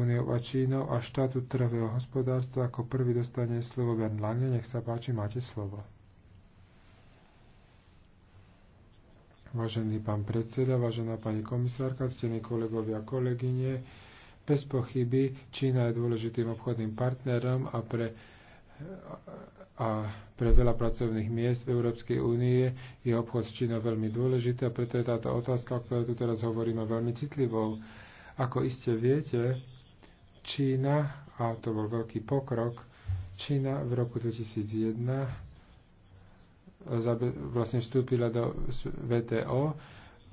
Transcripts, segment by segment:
úniou a Čínou a štátu trhového hospodárstva. Ako prvý dostane slovo Bernd Lange. Nech sa páči, máte slovo. Vážený pán predseda, vážená pani komisárka, ctení kolegovia a kolegyne, bez pochyby Čína je dôležitým obchodným partnerom a pre, a pre veľa pracovných miest v Európskej únie je obchod s Čínou veľmi dôležitý a preto je táto otázka, o ktorej tu teraz hovoríme, veľmi citlivou. Ako iste viete, Čína, a to bol veľký pokrok, Čína v roku 2001 e, vlastne vstúpila do VTO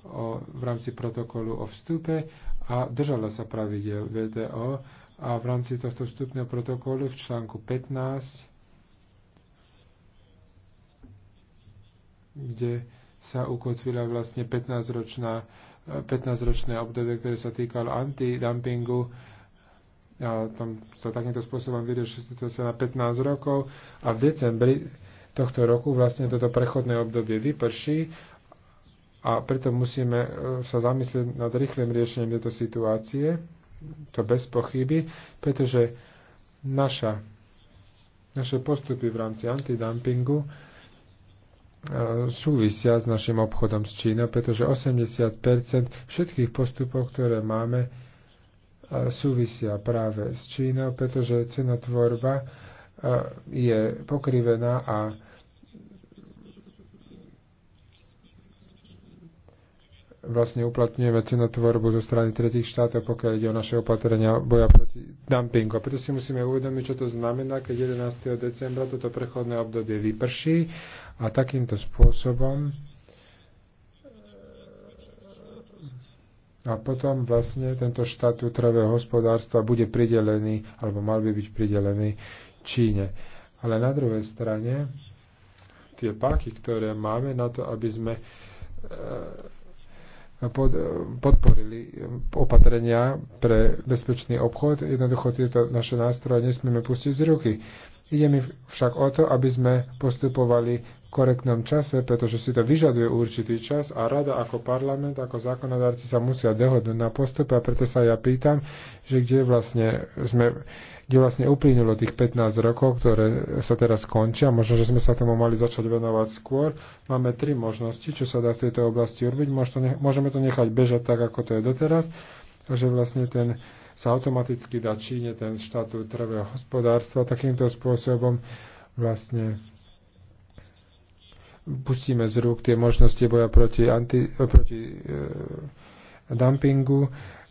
o, v rámci protokolu o vstupe a držala sa pravidel VTO a v rámci tohto vstupného protokolu v článku 15 kde sa ukotvila vlastne 15 15, -ročná, 15 e, -ročné obdobie, ktoré sa týkalo antidumpingu a tam sa takýmto spôsobom vyrieši situácia na 15 rokov a v decembri tohto roku vlastne toto prechodné obdobie vyprší a preto musíme e, sa zamyslieť nad rýchlym riešením tejto situácie, to bez pochyby, pretože naša, naše postupy v rámci antidumpingu e, súvisia s našim obchodom s Čínou, pretože 80% všetkých postupov, ktoré máme, súvisia práve s Čínou, pretože cenotvorba je pokrivená a vlastne uplatňujeme cenotvorbu zo strany tretich štátov, pokiaľ ide o naše opatrenia boja proti dumpingu. Preto si musíme uvedomiť, čo to znamená, keď 11. decembra toto prechodné obdobie vyprší a takýmto spôsobom A potom vlastne tento štatút travého hospodárstva bude pridelený, alebo mal by byť pridelený Číne. Ale na druhej strane tie páky, ktoré máme na to, aby sme e, podporili opatrenia pre bezpečný obchod. Jednoducho tieto naše nástroje nesmieme pustiť z ruky. Ide mi však o to, aby sme postupovali korektnom čase, pretože si to vyžaduje určitý čas a rada ako parlament, ako zákonodárci sa musia dohodnúť na postup a preto sa ja pýtam, že kde vlastne sme kde vlastne uplynulo tých 15 rokov, ktoré sa teraz končia. Možno, že sme sa tomu mali začať venovať skôr. Máme tri možnosti, čo sa dá v tejto oblasti urobiť. Môžeme to nechať bežať tak, ako to je doteraz, takže vlastne ten sa automaticky dá Číne ten štátu trvého hospodárstva takýmto spôsobom vlastne pustíme z rúk tie možnosti boja proti, anti, eh, proti e, dumpingu.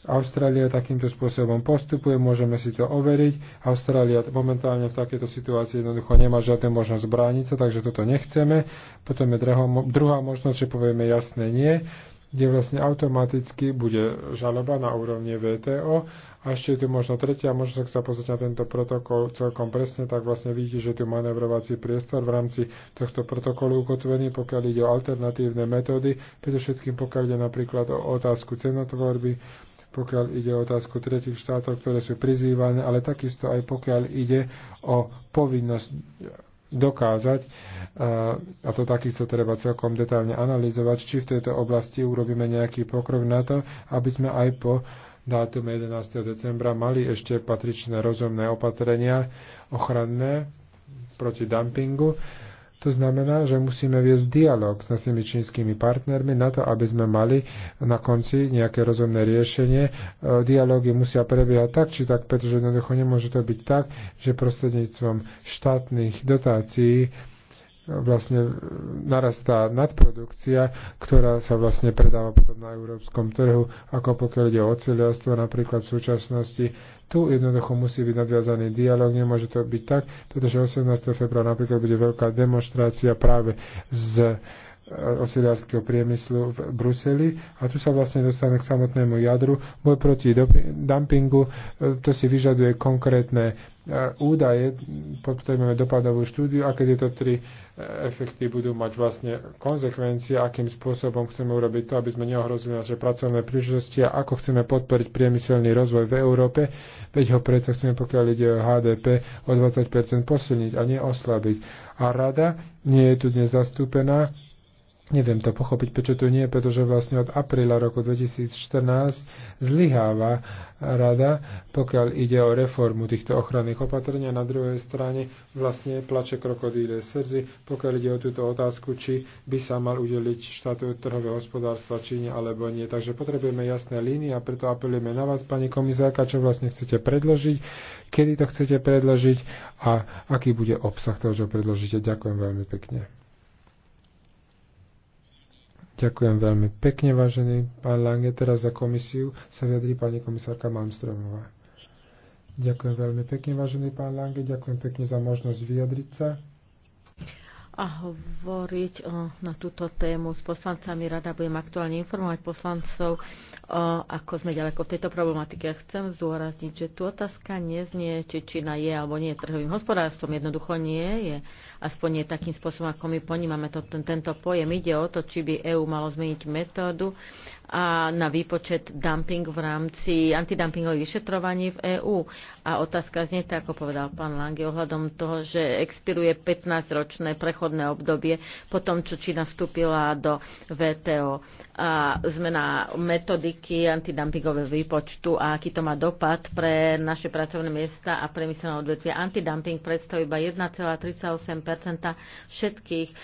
Austrália takýmto spôsobom postupuje, môžeme si to overiť. Austrália momentálne v takejto situácii jednoducho nemá žiadnu možnosť brániť sa, takže toto nechceme. Potom je druhá, druhá možnosť, že povieme jasné nie, kde vlastne automaticky bude žaloba na úrovni VTO a ešte je tu možno tretia možnosť, ak sa pozrieť na tento protokol celkom presne, tak vlastne vidíte, že tu manevrovací priestor v rámci tohto protokolu ukotvený, pokiaľ ide o alternatívne metódy, preto všetkým pokiaľ ide napríklad o otázku cenotvorby, pokiaľ ide o otázku tretich štátov, ktoré sú prizývané, ale takisto aj pokiaľ ide o povinnosť dokázať, a to takisto treba celkom detálne analyzovať, či v tejto oblasti urobíme nejaký pokrok na to, aby sme aj po dátum 11. decembra mali ešte patričné rozumné opatrenia ochranné proti dumpingu. To znamená, že musíme viesť dialog s našimi čínskymi partnermi na to, aby sme mali na konci nejaké rozumné riešenie. E, dialógy musia prebiehať tak, či tak, pretože jednoducho nemôže to byť tak, že prostredníctvom štátnych dotácií vlastne e, narastá nadprodukcia, ktorá sa vlastne predáva potom na európskom trhu, ako pokiaľ ide o oceliarstvo napríklad v súčasnosti. Tu jednoducho musí byť nadviazaný dialog, nemôže to byť tak, pretože 18. februára napríklad bude veľká demonstrácia práve z Eh, osilárskeho priemyslu v Bruseli. A tu sa vlastne dostane k samotnému jadru. Boj proti dumpingu, eh, to si vyžaduje konkrétne eh, údaje, potrebujeme dopadovú štúdiu, a keď tieto tri efekty budú mať vlastne konsekvencie, akým spôsobom chceme urobiť to, aby sme neohrozili naše pracovné príležitosti a ako chceme podporiť priemyselný rozvoj v Európe, veď ho predsa chceme, pokiaľ ide o HDP, o 20% posilniť a neoslabiť. A rada nie je tu dnes zastúpená, Neviem to pochopiť, prečo tu nie, pretože vlastne od apríla roku 2014 zlyháva rada, pokiaľ ide o reformu týchto ochranných opatrenia. a na druhej strane vlastne plače krokodíle srdci, pokiaľ ide o túto otázku, či by sa mal udeliť štátu trhového hospodárstva Číne alebo nie. Takže potrebujeme jasné línie a preto apelujeme na vás, pani komisárka, čo vlastne chcete predložiť, kedy to chcete predložiť a aký bude obsah toho, čo predložíte. Ďakujem veľmi pekne. Ďakujem veľmi pekne, vážený pán Lange. Teraz za komisiu sa vyjadrí pani komisárka Malmstromová. Ďakujem veľmi pekne, vážený pán Lange. Ďakujem pekne za možnosť vyjadriť sa a hovoriť o, na túto tému s poslancami. Rada budem aktuálne informovať poslancov, o, ako sme ďaleko v tejto problematike. Chcem zdôrazniť, že tu otázka neznie, či Čína je alebo nie je trhovým hospodárstvom. Jednoducho nie je aspoň nie takým spôsobom, ako my ponímame to, ten, tento pojem. Ide o to, či by EÚ malo zmeniť metódu a na výpočet dumping v rámci antidumpingových vyšetrovaní v EÚ. A otázka znie tak, ako povedal pán Lange, ohľadom toho, že expiruje 15-ročné prechodné obdobie po tom, čo Čína vstúpila do VTO a zmena metodiky antidumpingového výpočtu a aký to má dopad pre naše pracovné miesta a priemyselné odvetvie. Antidumping predstavuje iba 1,38 všetkých e,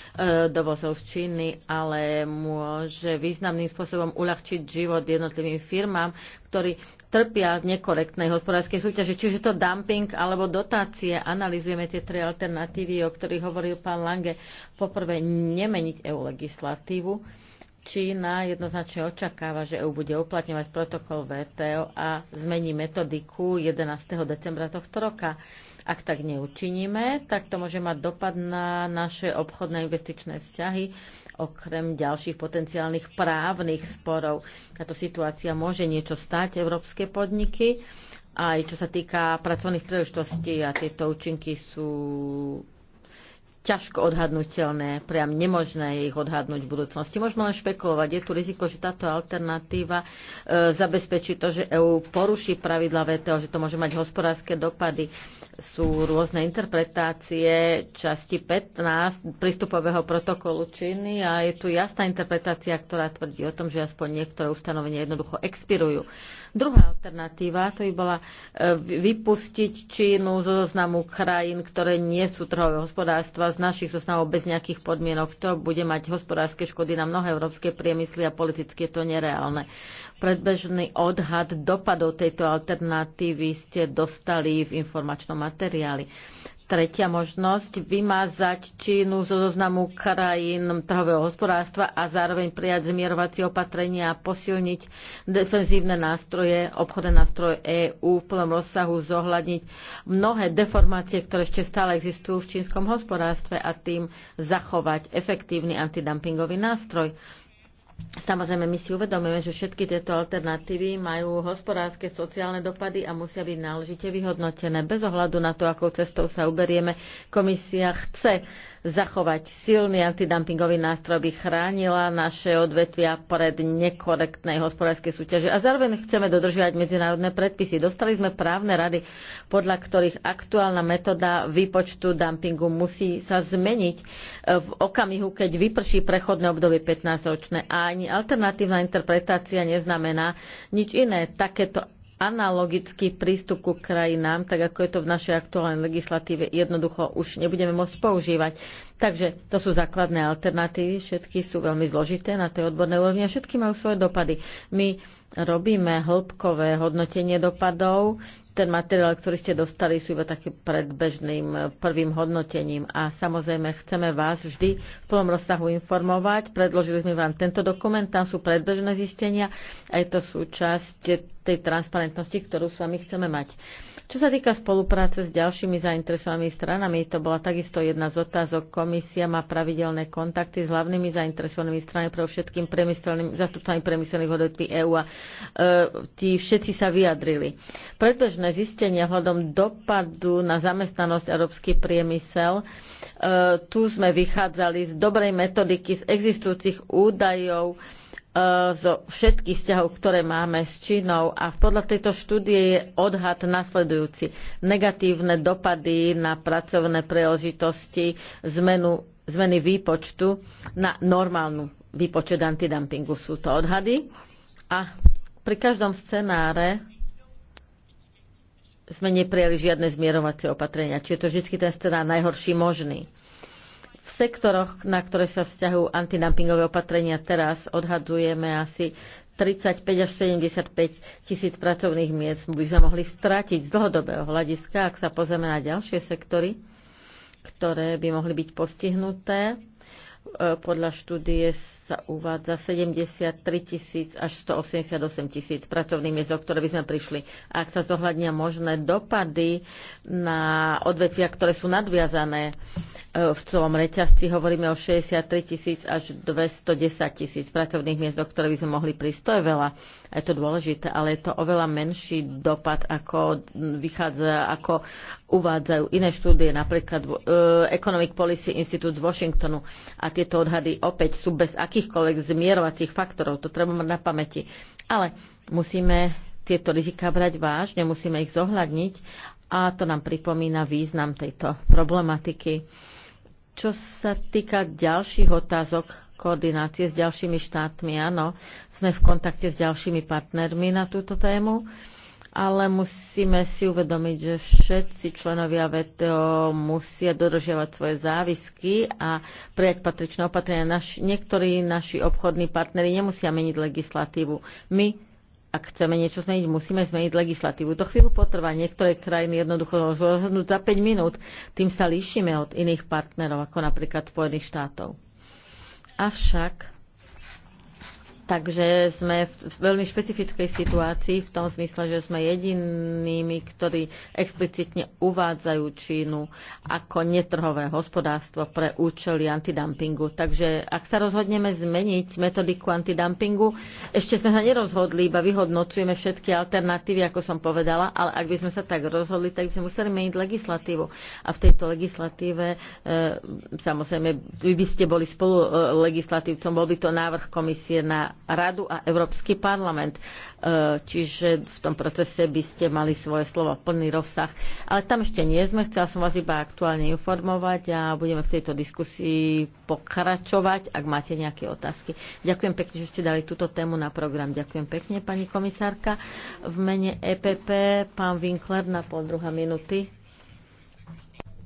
dovozov z Číny, ale môže významným spôsobom uľahčiť život jednotlivým firmám, ktorí trpia z nekorektnej hospodárskej súťaže, čiže to dumping alebo dotácie. Analizujeme tie tri alternatívy, o ktorých hovoril pán Lange. Poprvé, nemeniť EU legislatívu Čína jednoznačne očakáva, že EU bude uplatňovať protokol VTO a zmení metodiku 11. decembra tohto roka. Ak tak neučiníme, tak to môže mať dopad na naše obchodné investičné vzťahy, okrem ďalších potenciálnych právnych sporov. Táto situácia môže niečo stať európske podniky, aj čo sa týka pracovných príležitostí a tieto účinky sú ťažko odhadnutelné, priam nemožné je ich odhadnúť v budúcnosti. Môžeme len špekulovať. Je tu riziko, že táto alternatíva e, zabezpečí to, že EÚ poruší pravidla VTO, že to môže mať hospodárske dopady. Sú rôzne interpretácie časti 15 prístupového protokolu činy a je tu jasná interpretácia, ktorá tvrdí o tom, že aspoň niektoré ustanovenia jednoducho expirujú. Druhá alternatíva to by bola e, vypustiť Čínu zo zoznamu krajín, ktoré nie sú trhové hospodárstva, z našich zoznamov bez nejakých podmienok. To bude mať hospodárske škody na mnohé európske priemysly a politicky je to nereálne. Predbežný odhad dopadov tejto alternatívy ste dostali v informačnom materiáli. Tretia možnosť, vymazať Čínu zo zoznamu krajín trhového hospodárstva a zároveň prijať zmierovacie opatrenia a posilniť defenzívne nástroje, obchodné nástroje EÚ v plnom rozsahu zohľadniť mnohé deformácie, ktoré ešte stále existujú v čínskom hospodárstve a tým zachovať efektívny antidumpingový nástroj. Samozrejme, my si uvedomujeme, že všetky tieto alternatívy majú hospodárske, sociálne dopady a musia byť náležite vyhodnotené. Bez ohľadu na to, akou cestou sa uberieme, komisia chce zachovať silný antidumpingový nástroj, by chránila naše odvetvia pred nekorektnej hospodárskej súťaže a zároveň chceme dodržiavať medzinárodné predpisy. Dostali sme právne rady, podľa ktorých aktuálna metóda výpočtu dumpingu musí sa zmeniť e, v okamihu, keď vyprší prechodné obdobie 15-ročné a ani alternatívna interpretácia neznamená nič iné. Takéto analogický prístup ku krajinám, tak ako je to v našej aktuálnej legislatíve, jednoducho už nebudeme môcť používať. Takže to sú základné alternatívy, všetky sú veľmi zložité na tej odbornej úrovni a všetky majú svoje dopady. My robíme hĺbkové hodnotenie dopadov. Ten materiál, ktorý ste dostali, sú iba takým predbežným eh, prvým hodnotením a samozrejme chceme vás vždy v plnom rozsahu informovať. Predložili sme vám tento dokument, tam sú predbežné zistenia a je to súčasť tej transparentnosti, ktorú s vami chceme mať. Čo sa týka spolupráce s ďalšími zainteresovanými stranami, to bola takisto jedna z otázok. Komisia má pravidelné kontakty s hlavnými zainteresovanými stranami, pre všetkým zastupcami priemyselných odvetví EÚ a e, tí všetci sa vyjadrili. Predbežné zistenia hľadom dopadu na zamestnanosť európsky priemysel, e, tu sme vychádzali z dobrej metodiky, z existujúcich údajov, e, E, zo všetkých vzťahov, ktoré máme s Čínou a podľa tejto štúdie je odhad nasledujúci. Negatívne dopady na pracovné príležitosti, zmenu, zmeny výpočtu na normálnu výpočet antidumpingu sú to odhady. A pri každom scenáre sme neprijali žiadne zmierovacie opatrenia. Čiže to vždy ten scenár najhorší možný. V sektoroch, na ktoré sa vzťahujú antidumpingové opatrenia teraz, odhadujeme asi 35 až 75 tisíc pracovných miest by sa mohli stratiť z dlhodobého hľadiska, ak sa pozrieme na ďalšie sektory, ktoré by mohli byť postihnuté e, podľa štúdie sa uvádza 73 tisíc až 188 tisíc pracovných miest, o ktoré by sme prišli. Ak sa zohľadnia možné dopady na odvetvia, ktoré sú nadviazané v celom reťazci hovoríme o 63 tisíc až 210 tisíc pracovných miest, do ktorých by sme mohli prísť. To je veľa, a je to dôležité, ale je to oveľa menší dopad, ako vychádza, ako uvádzajú iné štúdie, napríklad e, Economic Policy Institute z Washingtonu. A tieto odhady opäť sú bez akýchkoľvek zmierovacích faktorov, to treba mať na pamäti. Ale musíme tieto rizika brať vážne, musíme ich zohľadniť a to nám pripomína význam tejto problematiky čo sa týka ďalších otázok, koordinácie s ďalšími štátmi, áno, sme v kontakte s ďalšími partnermi na túto tému, ale musíme si uvedomiť, že všetci členovia VTO musia dodržiavať svoje závisky a prijať patričné opatrenia. Naš, niektorí naši obchodní partnery nemusia meniť legislatívu. My ak chceme niečo zmeniť, musíme zmeniť legislatívu. To chvíľu potrvá. Niektoré krajiny jednoducho môžu rozhodnúť za 5 minút. Tým sa líšime od iných partnerov, ako napríklad Spojených štátov. Avšak Takže sme v, v veľmi špecifickej situácii v tom zmysle, že sme jedinými, ktorí explicitne uvádzajú Čínu ako netrhové hospodárstvo pre účely antidumpingu. Takže ak sa rozhodneme zmeniť metodiku antidumpingu, ešte sme sa nerozhodli, iba vyhodnocujeme všetky alternatívy, ako som povedala, ale ak by sme sa tak rozhodli, tak by sme museli meniť legislatívu. A v tejto legislatíve, e, samozrejme, vy by ste boli spolu e, legislatívcom, bol by to návrh komisie na Radu a Európsky parlament. E, čiže v tom procese by ste mali svoje slovo plný rozsah. Ale tam ešte nie sme, chcela som vás iba aktuálne informovať a budeme v tejto diskusii pokračovať, ak máte nejaké otázky. Ďakujem pekne, že ste dali túto tému na program. Ďakujem pekne, pani komisárka. V mene EPP pán Winkler na pol druhá minúty.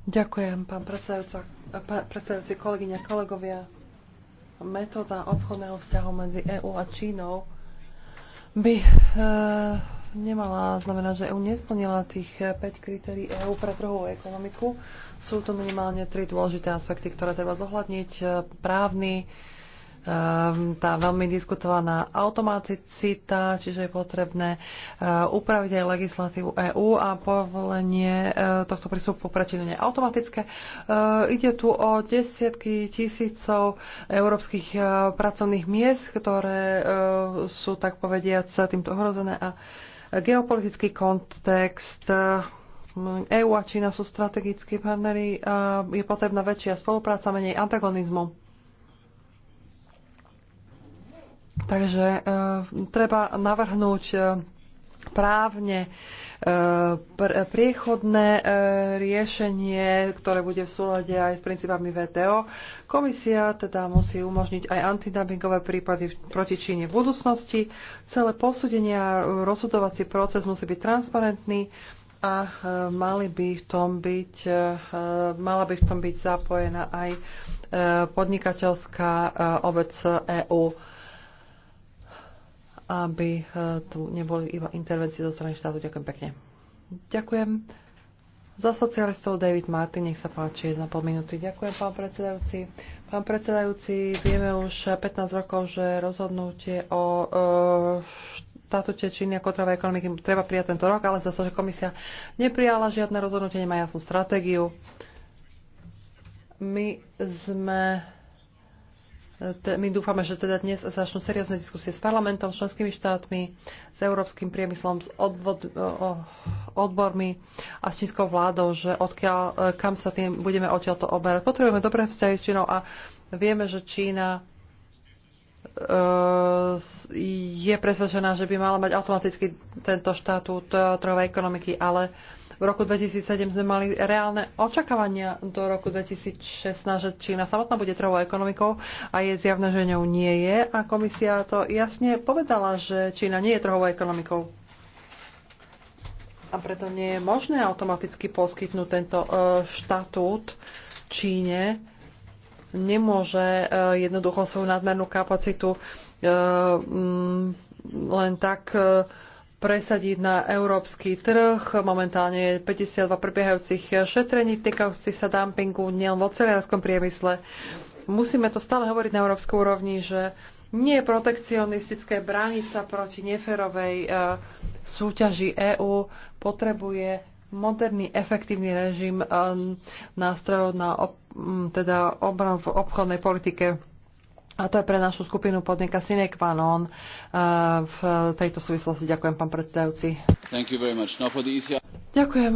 Ďakujem, pán predsedajúci, kolegyňa kolegovia metóda obchodného vzťahu medzi EÚ a Čínou by e, nemala znamenať, že EÚ nesplnila tých 5 e, kritérií EÚ pre trhovú ekonomiku. Sú tu minimálne tri dôležité aspekty, ktoré treba zohľadniť. E, právny, e, Ehm, tá veľmi diskutovaná automaticita, čiže je potrebné eh, upraviť aj legislatívu EÚ a povolenie eh, tohto prístupu prečinu automatické. Eh, ide tu o desiatky tisícov európskych pracovných miest, ktoré sú tak povediať týmto ohrozené a geopolitický kontext EÚ e a Čína sú strategickí partnery, je potrebná väčšia spolupráca, menej antagonizmu Takže e, treba navrhnúť e, právne e, pr- priechodné e, riešenie, ktoré bude v súlade aj s princípami VTO. Komisia teda musí umožniť aj antidumpingové prípady proti Číne v budúcnosti. Celé posúdenie a rozhodovací proces musí byť transparentný a e, mali by v tom byť, e, e, mala by v tom byť zapojená aj podnikateľská obec EÚ aby eh, tu neboli iba intervencie zo strany štátu. Ďakujem pekne. Ďakujem. Za socialistov David Martin, nech sa páči, pol minúty. Ďakujem, pán predsedajúci. Pán predsedajúci, vieme už 15 rokov, že rozhodnutie o e, eh, štatute Číny ako trvá ekonomiky treba prijať tento rok, ale zase, že komisia neprijala žiadne rozhodnutie, nemá jasnú stratégiu. My sme my dúfame, že teda dnes začnú seriózne diskusie s parlamentom, s členskými štátmi, s európskym priemyslom, s odvod, odbormi a s čínskou vládou, že odkiaľ, e, kam sa tým budeme odtiaľto oberať. Potrebujeme dobré vzťahy s Čínou a vieme, že Čína e, je presvedčená, že by mala mať automaticky tento štatút e, trhovej ekonomiky, ale v roku 2007 sme mali reálne očakávania do roku 2016, že Čína samotná bude trhovou ekonomikou a je zjavné, že ňou nie je. A komisia to jasne povedala, že Čína nie je trhovou ekonomikou. A preto nie je možné automaticky poskytnúť tento e, štatút Číne. Nemôže e, jednoducho svoju nadmernú kapacitu e, len tak presadiť na európsky trh. Momentálne je 52 prebiehajúcich šetrení týkajúcich sa dumpingu nielen v oceliarskom priemysle. Musíme to stále hovoriť na európskej úrovni, že nie je protekcionistické bránica proti neferovej e, súťaži EÚ. Potrebuje moderný, efektívny režim e, nástrojov na teda obran v obchodnej politike. A to je pre našu skupinu podnika Sine qua non. Eh, v tejto súvislosti ďakujem, pán predsedajúci. E ďakujem.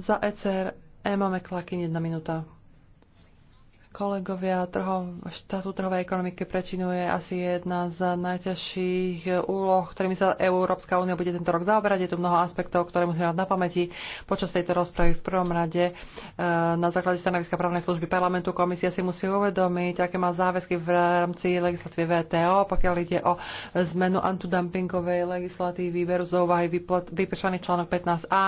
Za ECR Emma McLakin, jedna minúta. Kolegovia, trho, štátu trhovej ekonomiky pre Čínu je asi jedna z najťažších úloh, ktorými sa Európska únia bude tento rok zaoberať. Je tu mnoho aspektov, ktoré musíme mať na pamäti počas tejto rozpravy v prvom rade. E, na základe stanoviska právnej služby parlamentu komisia si musí uvedomiť, aké má záväzky v rámci legislatívy VTO, pokiaľ ide o zmenu antidumpingovej legislatívy, berú z úvahy vypršaný článok 15a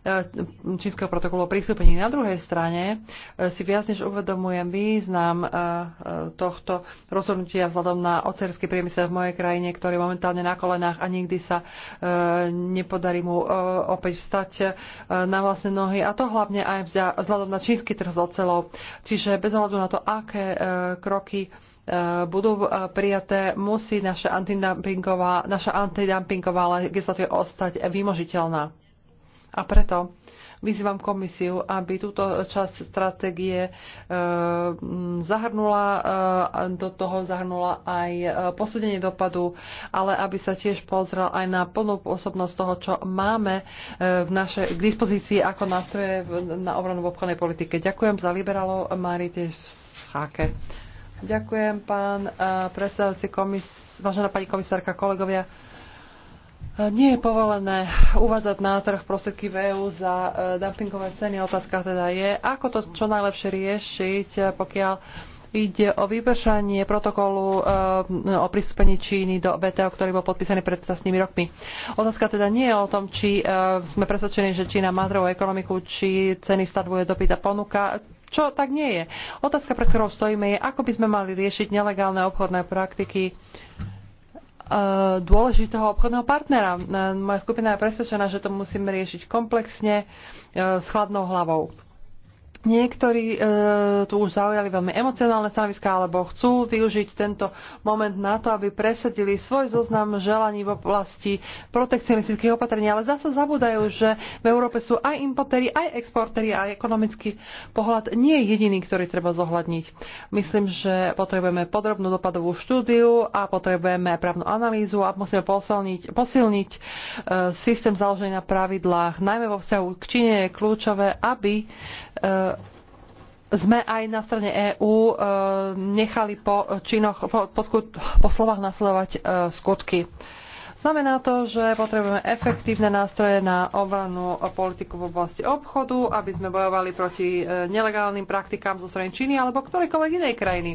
e, Čínskeho protokolu o prístupení. Na druhej strane e, si viac než uvedomujem význam eh, eh, tohto rozhodnutia vzhľadom na ocerský priemysel v mojej krajine, ktorý je momentálne na kolenách a nikdy sa eh, nepodarí mu opäť vstať na vlastné nohy. A to hlavne aj vzhľadom na čínsky trh s ocelou. Čiže bez ohľadu na to, aké kroky budú prijaté, musí naša antidumpingová, naša antidumpingová legislatíva ostať vymožiteľná. A preto Vyzývam komisiu, aby túto časť stratégie e, zahrnula, e, do toho zahrnula aj e, posúdenie dopadu, ale aby sa tiež pozrel aj na plnú osobnosť toho, čo máme v našej, k dispozícii ako nástroje na obranu v obchodnej politike. Ďakujem za liberálov Marite Scháke. Ďakujem, pán predsedajúci komis, vážená pani komisárka, kolegovia. Nie je povolené uvádzať na trh prostriedky v e za e, dumpingové ceny. Otázka teda je, ako to čo najlepšie riešiť, pokiaľ ide o vypršanie protokolu e, o pristúpení Číny do VTO, ktorý bol podpísaný pred 15 rokmi. Otázka teda nie je o tom, či sme presvedčení, že Čína má zdravú ekonomiku, či ceny stavuje dopyt a ponuka čo tak nie je. Otázka, pre ktorou stojíme, je, ako by sme mali riešiť nelegálne obchodné praktiky Eh, dôležitého obchodného partnera. Eh, moja skupina je presvedčená, že to musíme riešiť komplexne, eh, s chladnou hlavou. Niektorí e, tu už zaujali veľmi emocionálne stanoviská, alebo chcú využiť tento moment na to, aby presadili svoj zoznam želaní v oblasti protekcionistických opatrení, ale zase zabúdajú, že v Európe sú aj importéri, aj exportéri a ekonomický pohľad nie je jediný, ktorý treba zohľadniť. Myslím, že potrebujeme podrobnú dopadovú štúdiu a potrebujeme právnu analýzu a musíme posilniť, posilniť e, systém založený na pravidlách. Najmä vo vzťahu k Číne je kľúčové, aby e, sme aj na strane EÚ e, nechali po, činoch, po, po, skut, po slovách nasledovať e, skutky. Znamená to, že potrebujeme efektívne nástroje na obranu politiku v oblasti obchodu, aby sme bojovali proti e, nelegálnym praktikám zo strany Číny alebo ktorejkoľvek inej krajiny.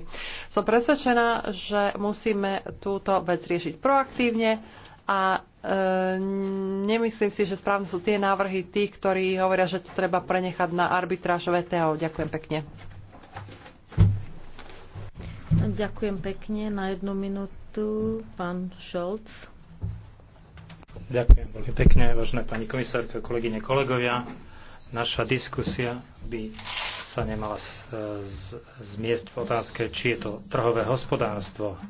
Som presvedčená, že musíme túto vec riešiť proaktívne a e, nemyslím si, že správne sú tie návrhy tých, ktorí hovoria, že to treba prenechať na arbitráž VTO. Ďakujem pekne. Ďakujem pekne. Na jednu minútu pán Šolc. Ďakujem veľmi pekne, vážená pani komisárka, kolegyne, kolegovia. Naša diskusia by sa nemala z, z, v otázke, či je to trhové hospodárstvo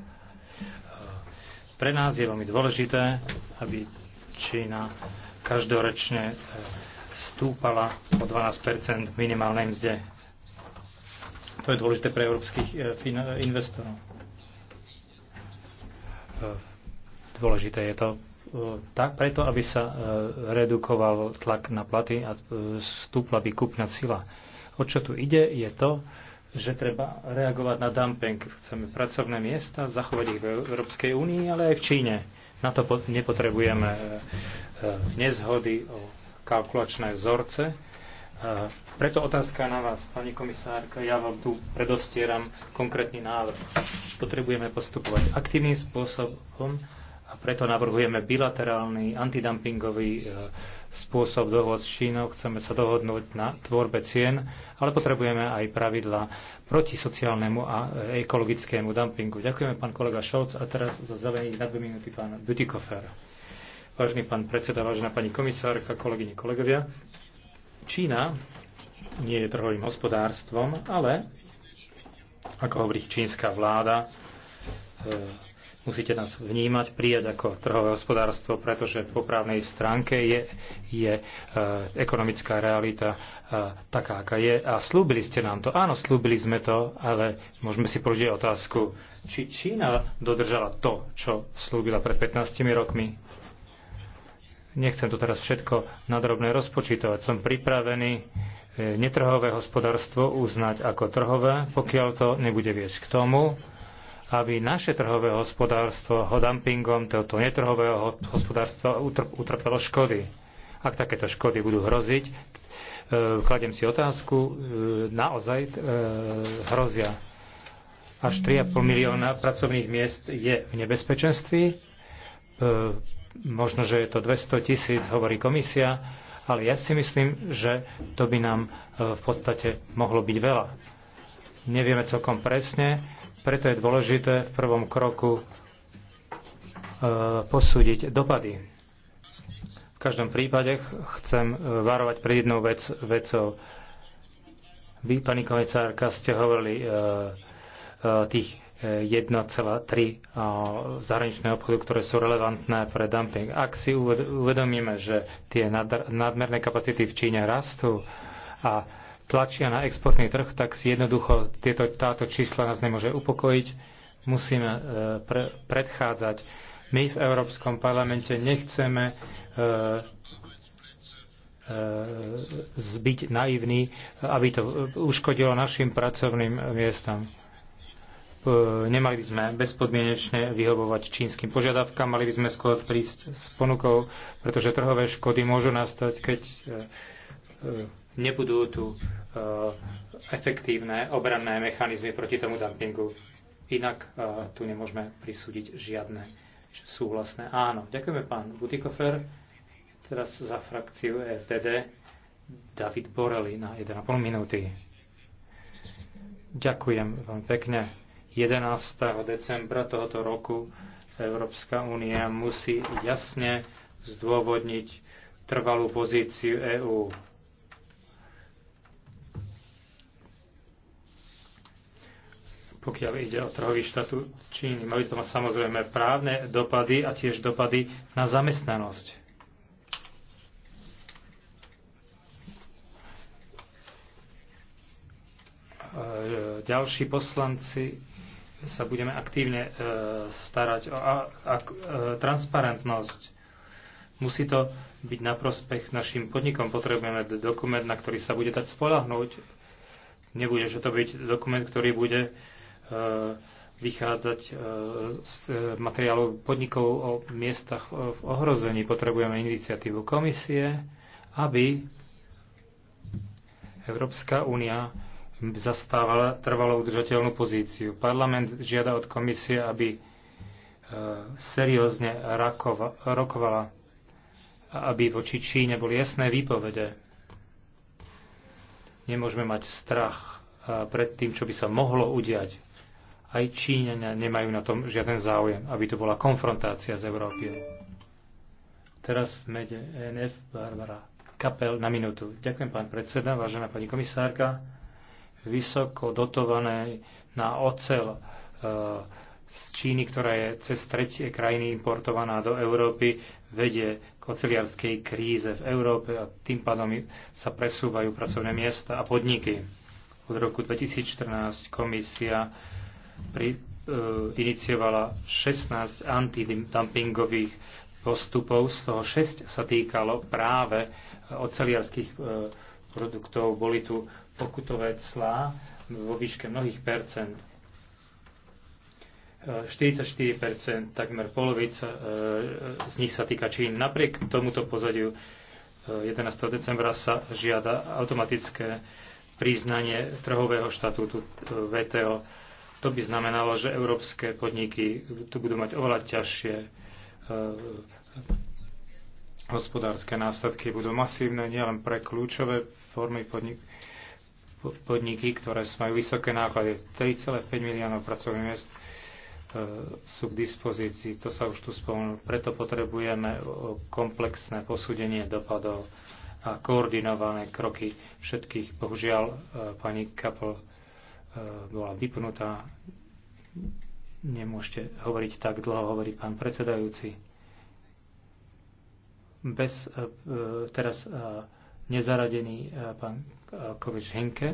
pre nás je veľmi dôležité, aby Čína každoročne e, stúpala o 12 minimálnej mzde. To je dôležité pre európskych e, e, investorov. Dôležité je to tak preto, aby sa redukoval tlak na platy a stúpla by kúpna sila. O čo tu ide, je to, že treba reagovať na dumping. Chceme pracovné miesta, zachovať ich v Európskej únii, ale aj v Číne. Na to nepotrebujeme e, e, nezhody o kalkulačné vzorce. E, preto otázka na vás, pani komisárka. Ja vám tu predostieram konkrétny návrh. Potrebujeme postupovať aktívnym spôsobom, a preto navrhujeme bilaterálny antidumpingový e, spôsob dohod s Čínou. Chceme sa dohodnúť na tvorbe cien, ale potrebujeme aj pravidla proti sociálnemu a e, ekologickému dumpingu. Ďakujeme pán kolega Šolc a teraz za zavenie na dve minúty pán Butikofer. Vážený pán predseda, vážená pani komisárka, kolegyne, kolegovia. Čína nie je trhovým hospodárstvom, ale, ako hovorí čínska vláda, e, Musíte nás vnímať, prijať ako trhové hospodárstvo, pretože po právnej stránke je, je e, ekonomická realita e, taká, aká je. A slúbili ste nám to. Áno, slúbili sme to, ale môžeme si položiť otázku, či Čína dodržala to, čo slúbila pred 15 rokmi. Nechcem to teraz všetko nadrobné rozpočítovať. Som pripravený e, netrhové hospodárstvo uznať ako trhové, pokiaľ to nebude viesť k tomu, aby naše trhové hospodárstvo ho dumpingom tohoto netrhového hospodárstva utrpelo škody. Ak takéto škody budú hroziť, e, kladem si otázku, e, naozaj e, hrozia. Až 3,5 milióna pracovných miest je v nebezpečenství. Možno, že je to 200 tisíc, hovorí komisia, ale ja si myslím, že to by nám v podstate mohlo byť veľa. Nevieme celkom presne, preto je dôležité v prvom kroku e, posúdiť dopady. V každom prípade chcem e, varovať pred jednou vec, vecou. Vy, pani komisárka, ste hovorili e, tých 1,3 zahraničného obchodu, ktoré sú relevantné pre dumping. Ak si uvedomíme, že tie nadmerné kapacity v Číne rastú a tlačia na exportný trh, tak si jednoducho tieto, táto čísla nás nemôže upokojiť. Musíme e, pre, predchádzať. My v Európskom parlamente nechceme e, e, zbyť naivní, aby to uškodilo našim pracovným miestam. E, nemali by sme bezpodmienečne vyhovovať čínskym požiadavkám, mali by sme skôr prísť s ponukou, pretože trhové škody môžu nastať, keď e, e nebudú tu e, efektívne obranné mechanizmy proti tomu dumpingu. Inak e, tu nemôžeme prisúdiť žiadne súhlasné áno. Ďakujeme pán Butikofer. Teraz za frakciu FDD David Borelli na 1,5 minúty. Ďakujem veľmi pekne. 11. decembra tohoto roku Európska únia musí jasne zdôvodniť trvalú pozíciu EÚ pokiaľ ide o trhový štatút Číny. Mali to mať samozrejme právne dopady a tiež dopady na zamestnanosť. E, ďalší poslanci sa budeme aktívne e, starať o e, transparentnosť. Musí to byť na prospech našim podnikom. Potrebujeme dokument, na ktorý sa bude dať spolahnúť. Nebude, že to byť dokument, ktorý bude E, vychádzať e, z e, materiálov podnikov o miestach v ohrození. Potrebujeme iniciatívu komisie, aby Európska únia zastávala trvalo udržateľnú pozíciu. Parlament žiada od komisie, aby seriózne rokovala, aby voči Číne boli jasné výpovede. Nemôžeme mať strach pred tým, čo by sa mohlo udiať aj Číňania nemajú na tom žiaden záujem, aby to bola konfrontácia s Európiou. Teraz v mede ENF Barbara Kapel na minútu. Ďakujem, pán predseda, vážená pani komisárka. Vysoko dotované na ocel e, z Číny, ktorá je cez tretie krajiny importovaná do Európy, vedie k oceliarskej kríze v Európe a tým pádom sa presúvajú pracovné miesta a podniky. Od roku 2014 komisia pri, e, iniciovala 16 antidumpingových postupov, z toho 6 sa týkalo práve e, oceliarských e, produktov. Boli tu pokutové clá vo výške mnohých percent. 44%, e, takmer polovica e, z nich sa týka Čín. Napriek tomuto pozadiu 11. decembra sa žiada automatické priznanie trhového štatútu VTO to by znamenalo, že európske podniky tu budú mať oveľa ťažšie e, hospodárske následky. Budú masívne nielen pre kľúčové formy podnik- podniky, ktoré majú vysoké náklady. 3,5 miliónov pracovných miest e, sú k dispozícii. To sa už tu spomenulo. Preto potrebujeme komplexné posúdenie dopadov a koordinované kroky všetkých. Bohužiaľ, e, pani Kapel Eh, bola vypnutá. Nemôžete hovoriť tak dlho, hovorí pán predsedajúci. Bez eh, eh, teraz nezaradený pán Kovič Henke.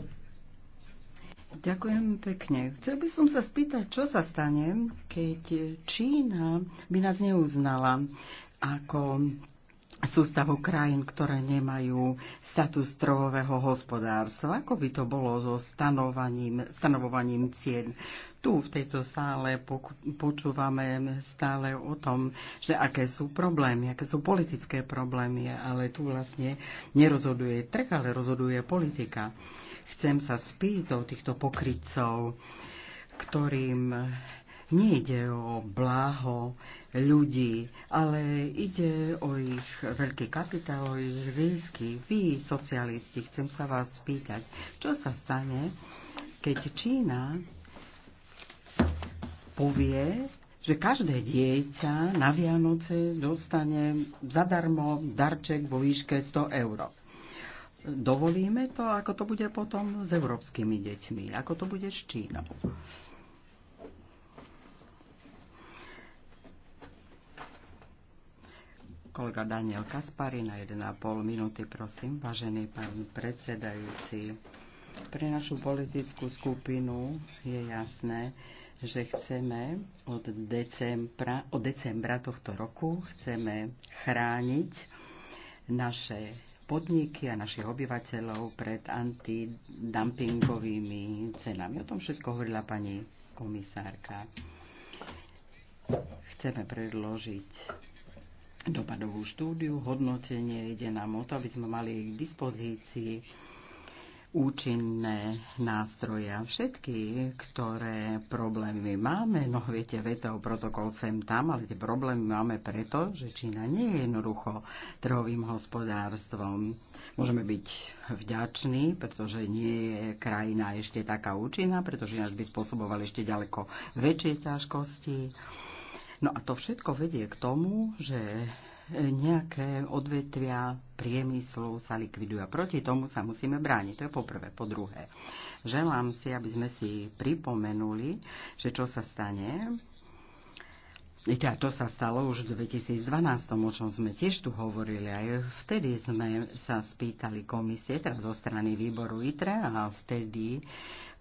Ďakujem pekne. Chcel by som sa spýtať, čo sa stane, keď Čína by nás neuznala ako sústavu krajín, ktoré nemajú status trhového hospodárstva, ako by to bolo so stanovaním, stanovovaním cien. Tu v tejto sále počúvame stále o tom, že aké sú problémy, aké sú politické problémy, ale tu vlastne nerozhoduje trh, ale rozhoduje politika. Chcem sa spýtať týchto pokrytcov, ktorým Nejde o bláho ľudí, ale ide o ich veľký kapitál, o ich zisky. Vy, socialisti, chcem sa vás spýtať, čo sa stane, keď Čína povie, že každé dieťa na Vianoce dostane zadarmo darček vo výške 100 eur. Dovolíme to, ako to bude potom s európskymi deťmi, ako to bude s Čínou. Kolega Daniel Kaspari na 1,5 minúty, prosím. Vážený pán predsedajúci, pre našu politickú skupinu je jasné, že chceme od decembra, od decembra tohto roku chceme chrániť naše podniky a našich obyvateľov pred antidumpingovými cenami. O tom všetko hovorila pani komisárka. Chceme predložiť dopadovú štúdiu, hodnotenie ide nám o to, aby sme mali k dispozícii účinné nástroje a všetky, ktoré problémy máme, no viete, o protokol sem tam, ale tie problémy máme preto, že Čína nie je jednoducho trhovým hospodárstvom. Môžeme byť vďační, pretože nie je krajina ešte taká účinná, pretože ináč by spôsoboval ešte ďaleko väčšie ťažkosti No a to všetko vedie k tomu, že nejaké odvetvia priemyslu sa likvidujú a proti tomu sa musíme brániť. To je poprvé. Po druhé, želám si, aby sme si pripomenuli, že čo sa stane, a teda to sa stalo už v 2012, o čom sme tiež tu hovorili. Aj vtedy sme sa spýtali komisie, teraz zo strany výboru ITRE, a vtedy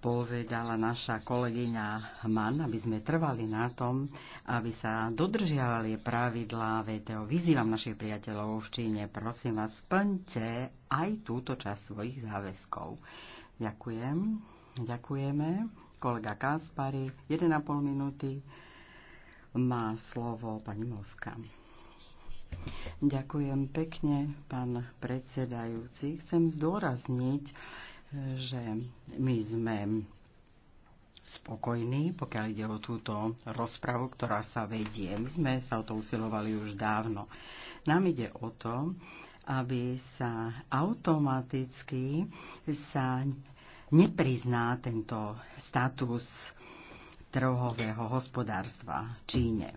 povedala naša kolegyňa Mann, aby sme trvali na tom, aby sa dodržiavali pravidlá VTO. Vyzývam našich priateľov v Číne, prosím vás, splňte aj túto časť svojich záväzkov. Ďakujem. Ďakujeme. Kolega Kaspari, 1,5 minúty, má slovo pani Moska. Ďakujem pekne, pán predsedajúci. Chcem zdôrazniť, že my sme spokojní, pokiaľ ide o túto rozpravu, ktorá sa vedie. My sme sa o to usilovali už dávno. Nám ide o to, aby sa automaticky sa neprizná tento status trhového hospodárstva Číne.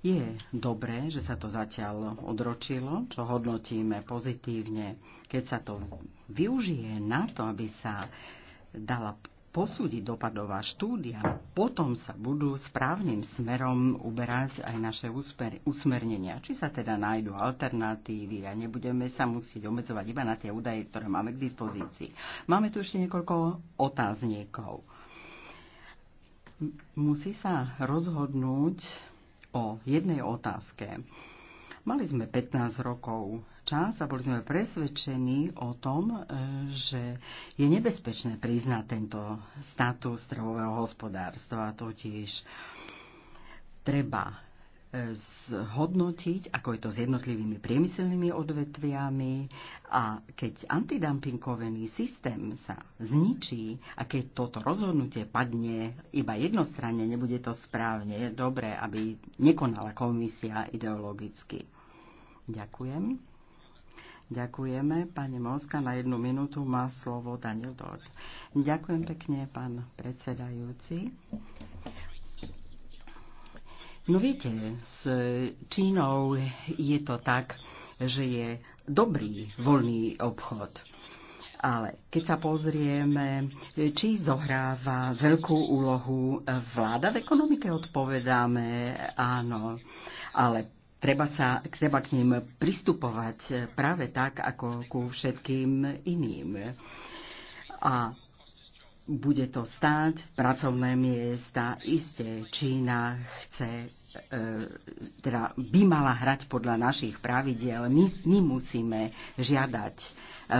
Je dobré, že sa to zatiaľ odročilo, čo hodnotíme pozitívne, keď sa to využije na to, aby sa dala posúdiť dopadová štúdia, potom sa budú správnym smerom uberať aj naše úsmer, usmernenia. Či sa teda nájdú alternatívy a nebudeme sa musieť obmedzovať iba na tie údaje, ktoré máme k dispozícii. Máme tu ešte niekoľko otázniekov. Musí sa rozhodnúť o jednej otázke. Mali sme 15 rokov čas a boli sme presvedčení o tom, e, že je nebezpečné priznať tento status trhového hospodárstva, totiž treba zhodnotiť, ako je to s jednotlivými priemyselnými odvetviami a keď antidumpingový systém sa zničí a keď toto rozhodnutie padne iba jednostranne, nebude to správne, dobre, aby nekonala komisia ideologicky. Ďakujem. Ďakujeme. Pani Moska, na jednu minútu má slovo Daniel Dort. Ďakujem pekne, pán predsedajúci. No viete, s Čínou je to tak, že je dobrý voľný obchod. Ale keď sa pozrieme, či zohráva veľkú úlohu vláda v ekonomike, odpovedáme áno. Ale treba, sa, treba k ním pristupovať práve tak, ako ku všetkým iným. A bude to stáť pracovné miesta. Isté, Čína chce E, teda by mala hrať podľa našich pravidiel. My, my musíme žiadať e,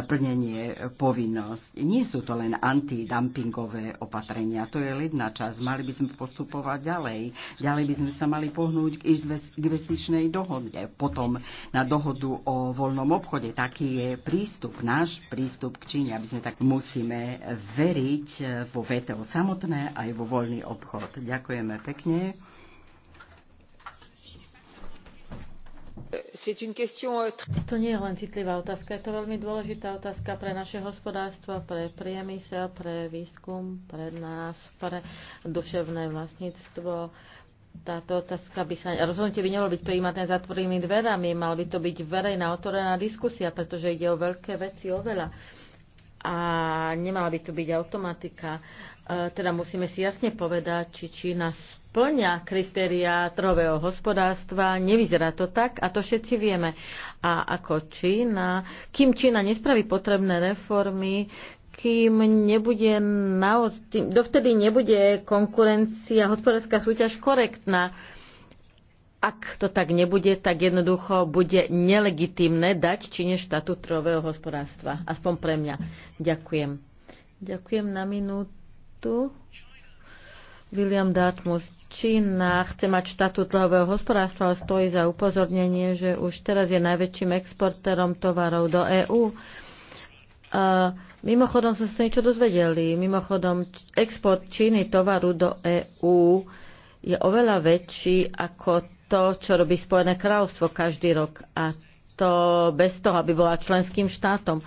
plnenie povinnosť. Nie sú to len antidumpingové opatrenia, to je jedna čas. Mali by sme postupovať ďalej. Ďalej by sme sa mali pohnúť k investičnej dohode, potom na dohodu o voľnom obchode. Taký je prístup, náš prístup k Číne, aby sme tak musíme veriť e, vo VTO samotné aj vo voľný obchod. Ďakujeme pekne. Euh, to nie je len citlivá otázka, je to veľmi dôležitá otázka pre naše hospodárstvo, pre priemysel, pre výskum, pre nás, pre duševné vlastníctvo. Táto otázka by sa, rozhodnutie by nemalo byť prijímané zatvorenými dverami, mal by to byť verejná, otvorená diskusia, pretože ide o veľké veci, o veľa. A nemala by to byť automatika. E, teda musíme si jasne povedať, či Čína splňa kritériá trhového hospodárstva. Nevyzerá to tak a to všetci vieme. A ako Čína, kým Čína nespraví potrebné reformy, kým nebude naoz, tým, dovtedy nebude konkurencia, hospodárska súťaž korektná, ak to tak nebude, tak jednoducho bude nelegitímne dať Číne štatút trhového hospodárstva. Aspoň pre mňa. Ďakujem. Ďakujem na minút štátu. William Dartmouth, Čína chce mať štatút dlhového hospodárstva, ale stojí za upozornenie, že už teraz je najväčším exportérom tovarov do EÚ. A mimochodom sme sa niečo dozvedeli. Mimochodom, export Číny tovaru do EÚ je oveľa väčší ako to, čo robí Spojené kráľovstvo každý rok. A to bez toho, aby bola členským štátom.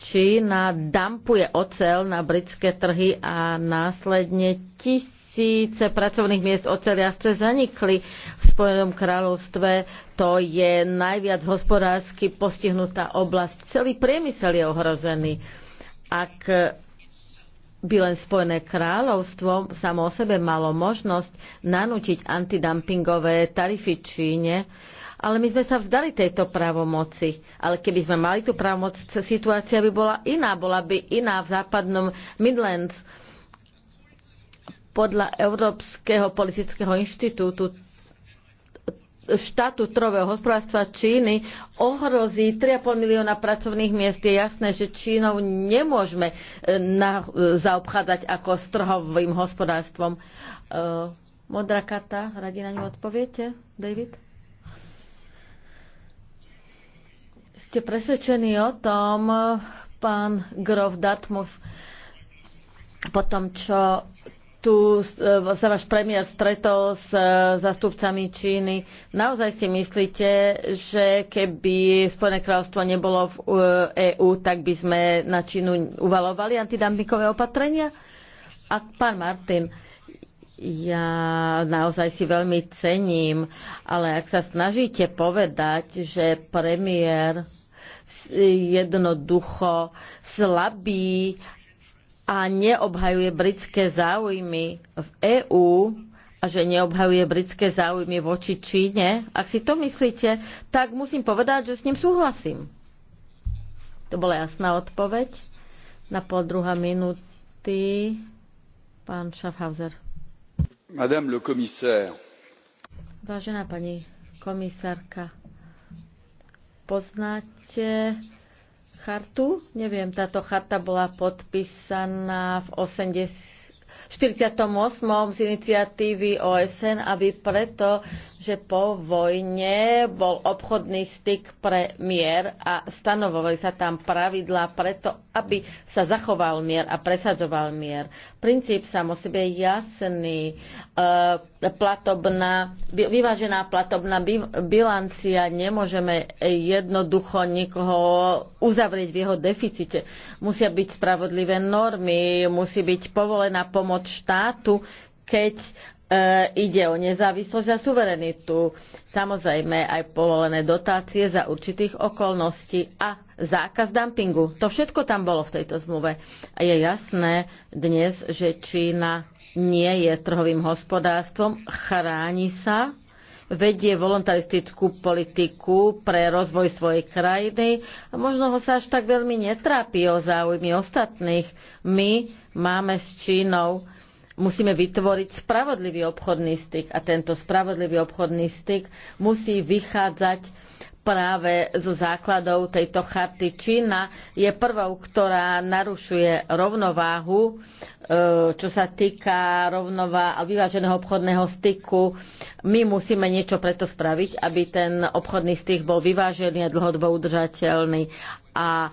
Čína dampuje ocel na britské trhy a následne tisíce pracovných miest oceliarstve zanikli v Spojenom kráľovstve. To je najviac hospodársky postihnutá oblasť. Celý priemysel je ohrozený. Ak by len Spojené kráľovstvo samo o sebe malo možnosť nanútiť antidumpingové tarify Číne, ale my sme sa vzdali tejto právomoci. Ale keby sme mali tú právomoc, situácia by bola iná. Bola by iná v západnom Midlands. Podľa Európskeho politického inštitútu štátu trového hospodárstva Číny ohrozí 3,5 milióna pracovných miest. Je jasné, že Čínou nemôžeme e, na, e, zaobchádzať ako s trhovým hospodárstvom. E, modrá karta, radi na ňu odpoviete, David? ste presvedčení o tom, pán Grof Dartmouth, po tom, čo tu e, sa váš premiér stretol s e, zastupcami Číny. Naozaj si myslíte, že keby Spojené kráľovstvo nebolo v EÚ, e tak by sme na Čínu uvalovali antidumpingové opatrenia? A pán Martin, ja naozaj si veľmi cením, ale ak sa snažíte povedať, že premiér jednoducho slabý a neobhajuje britské záujmy v EÚ a že neobhajuje britské záujmy voči Číne, ak si to myslíte, tak musím povedať, že s ním súhlasím. To bola jasná odpoveď. Na pol druhá minúty pán Schaffhauser. Madame le commissaire. Vážená pani komisárka, poznáte chartu? Neviem, táto charta bola podpísaná v 80 48. z iniciatívy OSN, aby preto, že po vojne bol obchodný styk pre mier a stanovovali sa tam pravidlá preto, aby sa zachoval mier a presadzoval mier. Princíp sám o sebe je jasný. E, platobná, vyvážená platobná bilancia nemôžeme jednoducho nikoho uzavrieť v jeho deficite. Musia byť spravodlivé normy, musí byť povolená pomoc od štátu, keď eh, ide o nezávislosť a suverenitu. Samozrejme aj povolené dotácie za určitých okolností a zákaz dumpingu. To všetko tam bolo v tejto zmluve. A je jasné dnes, že Čína nie je trhovým hospodárstvom, chráni sa vedie voluntaristickú politiku pre rozvoj svojej krajiny a možno ho sa až tak veľmi netrápi o záujmy ostatných. My máme s Čínou musíme vytvoriť spravodlivý obchodný styk a tento spravodlivý obchodný styk musí vychádzať práve zo základov tejto charty. Čína je prvou, ktorá narušuje rovnováhu, e, čo sa týka rovnová a vyváženého obchodného styku. My musíme niečo preto spraviť, aby ten obchodný styk bol vyvážený a dlhodobo udržateľný. A e,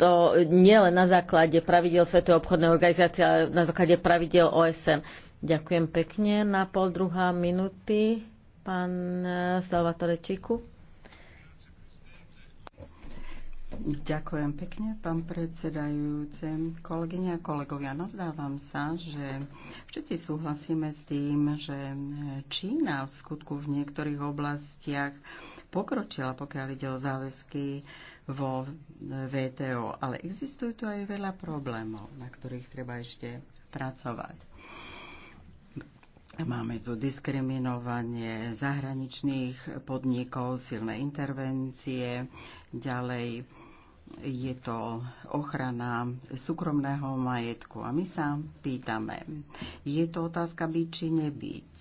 to nie len na základe pravidel Svetovej obchodnej organizácie, ale na základe pravidel OSN. Ďakujem pekne. Na pol druhá minúty pán e, Salvatore Čiku. Ďakujem pekne, pán predsedajúce, Kolegyne a kolegovia, nazdávam sa, že všetci súhlasíme s tým, že Čína v skutku v niektorých oblastiach pokročila, pokiaľ ide o záväzky vo VTO, ale existujú tu aj veľa problémov, na ktorých treba ešte pracovať. Máme tu diskriminovanie zahraničných podnikov, silné intervencie, ďalej je to ochrana súkromného majetku. A my sa pýtame, je to otázka byť či nebyť?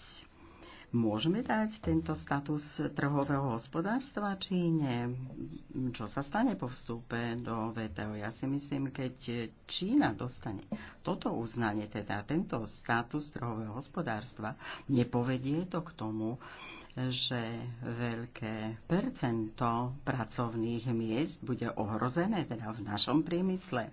Môžeme dať tento status trhového hospodárstva, či nie? Čo sa stane po vstupe do VTO? Ja si myslím, keď Čína dostane toto uznanie, teda tento status trhového hospodárstva, nepovedie to k tomu, že veľké percento pracovných miest bude ohrozené teda v našom priemysle.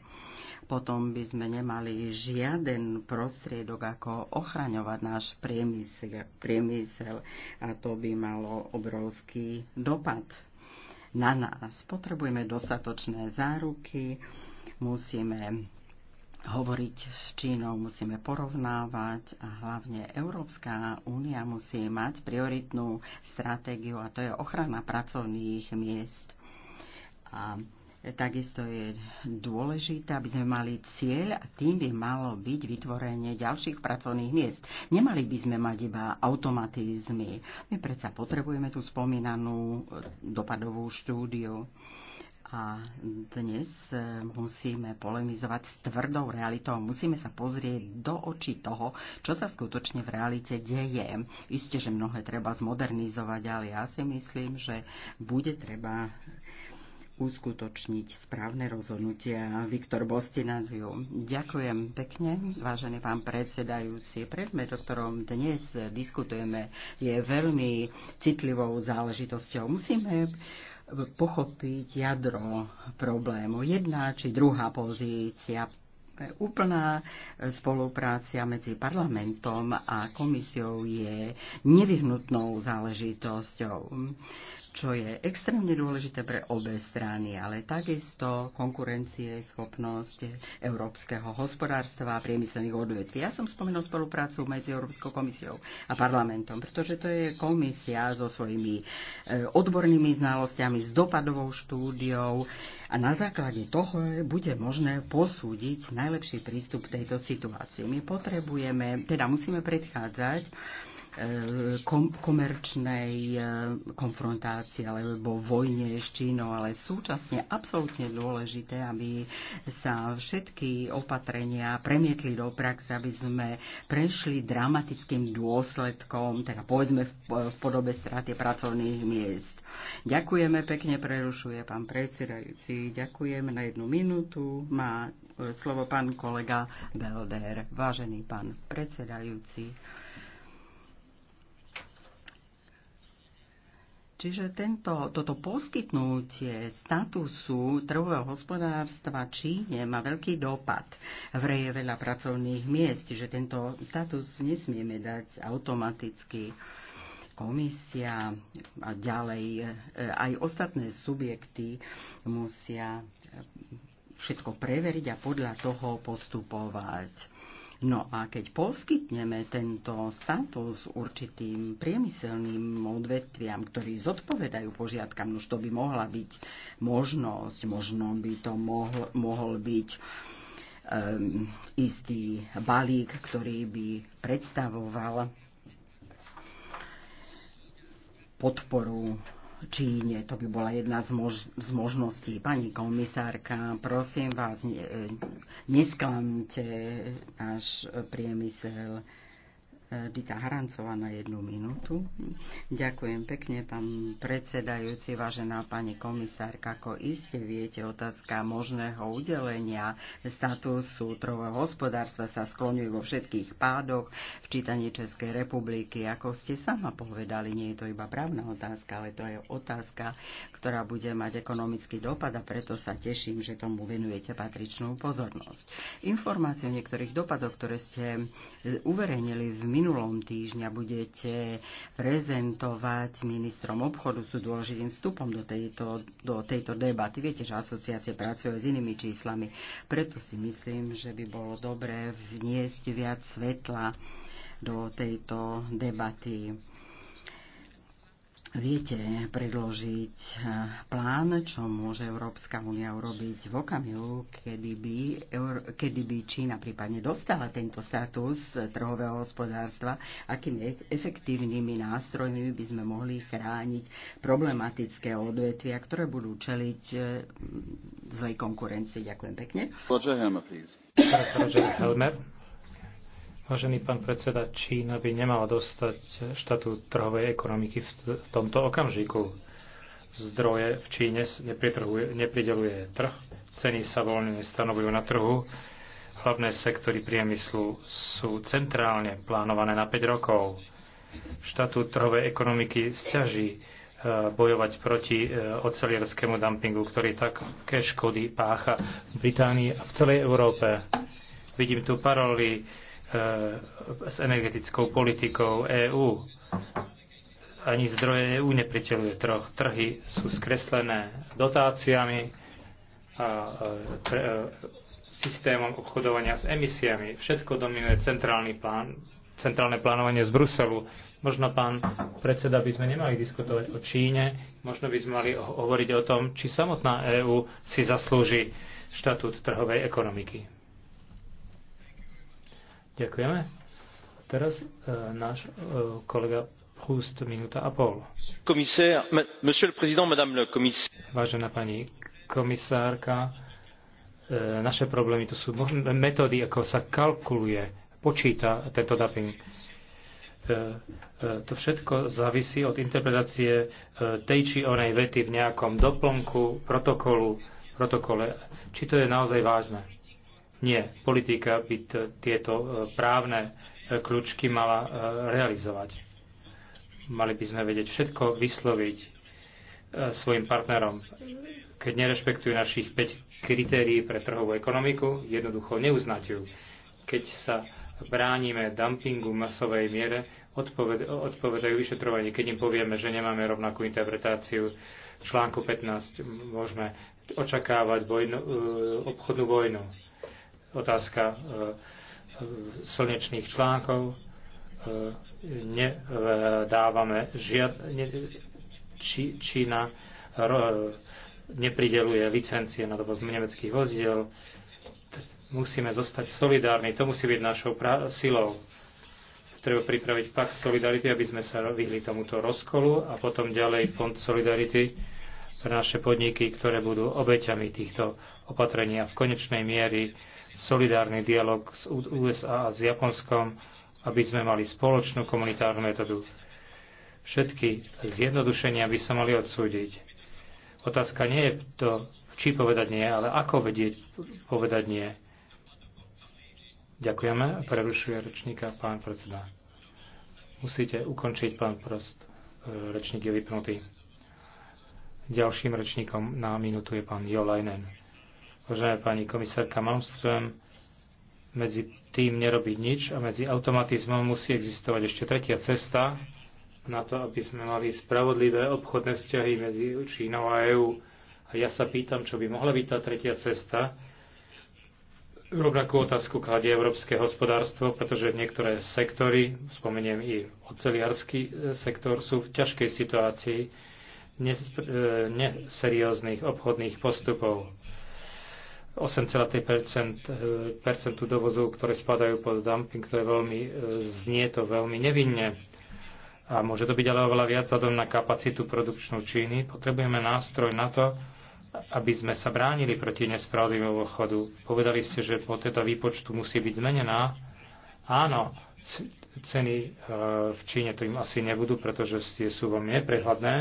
Potom by sme nemali žiaden prostriedok, ako ochraňovať náš priemysel, priemysel a to by malo obrovský dopad na nás. Potrebujeme dostatočné záruky, musíme hovoriť s Čínou, musíme porovnávať a hlavne Európska únia musí mať prioritnú stratégiu a to je ochrana pracovných miest. A Takisto je dôležité, aby sme mali cieľ a tým by malo byť vytvorenie ďalších pracovných miest. Nemali by sme mať iba automatizmy. My predsa potrebujeme tú spomínanú dopadovú štúdiu a dnes e, musíme polemizovať s tvrdou realitou. Musíme sa pozrieť do očí toho, čo sa skutočne v realite deje. Isté, že mnohé treba zmodernizovať, ale ja si myslím, že bude treba uskutočniť správne rozhodnutia. Viktor Bostinadiu. Ďakujem pekne, vážený pán predsedajúci. Predmet, o ktorom dnes diskutujeme, je veľmi citlivou záležitosťou. Musíme pochopiť jadro problému. Jedna či druhá pozícia úplná spolupráca medzi parlamentom a komisiou je nevyhnutnou záležitosťou čo je extrémne dôležité pre obe strany, ale takisto konkurencie, schopnosť európskeho hospodárstva a priemyselných odvetví. Ja som spomenul spoluprácu medzi Európskou komisiou a parlamentom, pretože to je komisia so svojimi e, odbornými znalosťami, s dopadovou štúdiou a na základe toho bude možné posúdiť najlepší prístup k tejto situácii. My potrebujeme, teda musíme predchádzať Eh, kom- komerčnej eh, konfrontácii alebo vojne s Čínou, ale súčasne absolútne dôležité, aby sa všetky opatrenia premietli do praxe, aby sme prešli dramatickým dôsledkom, teda povedzme v, podobe straty pracovných miest. Ďakujeme pekne, prerušuje pán predsedajúci. Ďakujem na jednu minútu. Má eh, slovo pán kolega Belder. Vážený pán predsedajúci, Čiže tento, toto poskytnutie statusu trhového hospodárstva Číne má veľký dopad. Vreje veľa pracovných miest, že tento status nesmieme dať automaticky komisia a ďalej eh, aj ostatné subjekty musia všetko preveriť a podľa toho postupovať No a keď poskytneme tento status určitým priemyselným odvetviam, ktorí zodpovedajú požiadkam, už to by mohla byť možnosť, možno by to mohol, mohol byť um, istý balík, ktorý by predstavoval podporu Číne. To by bola jedna z, mož- z možností. Pani komisárka, prosím vás, ne- nesklamte náš priemysel. E, Dita Harancová na jednu minútu. Ďakujem pekne, pán predsedajúci, vážená pani komisárka. Ako iste viete, otázka možného udelenia statusu trového hospodárstva sa skloňuje vo všetkých pádoch čítaní Českej republiky. Ako ste sama povedali, nie je to iba právna otázka, ale to je otázka, ktorá bude mať ekonomický dopad a preto sa teším, že tomu venujete patričnú pozornosť. Informácie o niektorých dopadoch, ktoré ste uverejnili v minulom týždňa budete prezentovať ministrom obchodu, sú dôležitým vstupom do tejto, do tejto debaty. Viete, že asociácie pracuje s inými číslami. Preto si myslím, že by bolo dobré vniesť viac svetla do tejto debaty viete predložiť eh, plán, čo môže Európska únia urobiť v okamihu, kedy by, kedy by Čína prípadne dostala tento status trhového hospodárstva, akými efektívnymi nástrojmi by sme mohli chrániť problematické odvetvia, ktoré budú čeliť eh, zlej konkurencii. Ďakujem pekne. Roger Helmer, please. Helmer. Vážený pán predseda, Čína by nemala dostať štatút trhovej ekonomiky v, tomto okamžiku. Zdroje v Číne neprideluje trh, ceny sa voľne stanovujú na trhu, hlavné sektory priemyslu sú centrálne plánované na 5 rokov. Štatút trhovej ekonomiky stiaží e, bojovať proti e, oceliarskému dumpingu, ktorý také škody pácha v Británii a v celej Európe. Vidím tu paroly E, s energetickou politikou EÚ. Ani zdroje EÚ nepriteľuje troch. Trhy sú skreslené dotáciami a e, e, systémom obchodovania s emisiami. Všetko dominuje centrálny plán, centrálne plánovanie z Bruselu. Možno, pán predseda, by sme nemali diskutovať o Číne, možno by sme mali hovoriť o tom, či samotná EÚ si zaslúži štatút trhovej ekonomiky. Ďakujeme. Teraz e, náš e, kolega Hust, minúta a pol. Vážená pani komisárka, e, naše problémy to sú metódy, ako sa kalkuluje, počíta tento dumping. E, e, to všetko závisí od interpretácie e, tej či onej vety v nejakom doplnku protokolu, protokole, či to je naozaj vážne nie, politika by tieto e, právne e, kľúčky mala e, realizovať. Mali by sme vedieť všetko vysloviť svojim partnerom. Keď nerešpektujú našich 5 kritérií pre trhovú ekonomiku, jednoducho neuznať ju. Keď sa bránime dumpingu v masovej miere, odpoved, odpovedajú vyšetrovanie. Keď im povieme, že nemáme rovnakú interpretáciu článku 15, môžeme očakávať vojnu, obchodnú vojnu otázka e, slnečných článkov. E, Nedávame e, žiad... Či, Čína neprideluje licencie na dovoz nemeckých vozidel. Musíme zostať solidárni, to musí byť našou silou. Treba pripraviť pakt solidarity, aby sme sa vyhli tomuto rozkolu a potom ďalej fond solidarity pre naše podniky, ktoré budú obeťami týchto opatrení a v konečnej miery solidárny dialog s USA a s Japonskom, aby sme mali spoločnú komunitárnu metódu. Všetky zjednodušenia by sa mali odsúdiť. Otázka nie je to, či povedať nie, ale ako vedieť povedať nie. Ďakujeme. Prerušuje rečníka pán predseda. Musíte ukončiť, pán prost. E, rečník je vypnutý. Ďalším rečníkom na minútu je pán Jolajnen. Vážená pani komisárka Malmström, medzi tým nerobiť nič a medzi automatizmom musí existovať ešte tretia cesta na to, aby sme mali spravodlivé obchodné vzťahy medzi Čínou a EÚ. A ja sa pýtam, čo by mohla byť tá tretia cesta. Rovnakú otázku kladie európske hospodárstvo, pretože niektoré sektory, spomeniem i oceliarský e, sektor, sú v ťažkej situácii e, neserióznych obchodných postupov 8,3% eh, dovozov, ktoré spadajú pod dumping, to je veľmi, eh, znie to veľmi nevinne. A môže to byť ale oveľa viac vzhľadom na kapacitu produkčnú Číny. Potrebujeme nástroj na to, aby sme sa bránili proti nespravodlivému obchodu. Povedali ste, že po tejto výpočtu musí byť zmenená. Áno, ceny eh, v Číne to im asi nebudú, pretože tie sú veľmi neprehľadné.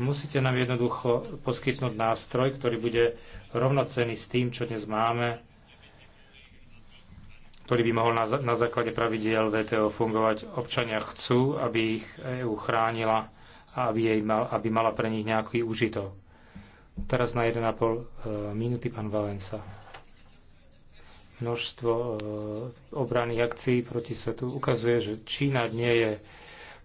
Musíte nám jednoducho poskytnúť nástroj, ktorý bude rovnocený s tým, čo dnes máme, ktorý by mohol na, na základe pravidiel VTO fungovať. Občania chcú, aby ich EÚ chránila a aby, jej mal, aby mala pre nich nejaký užitok. Teraz na 1,5 e, minúty pán Valenca. Množstvo e, obranných akcií proti svetu ukazuje, že Čína nie je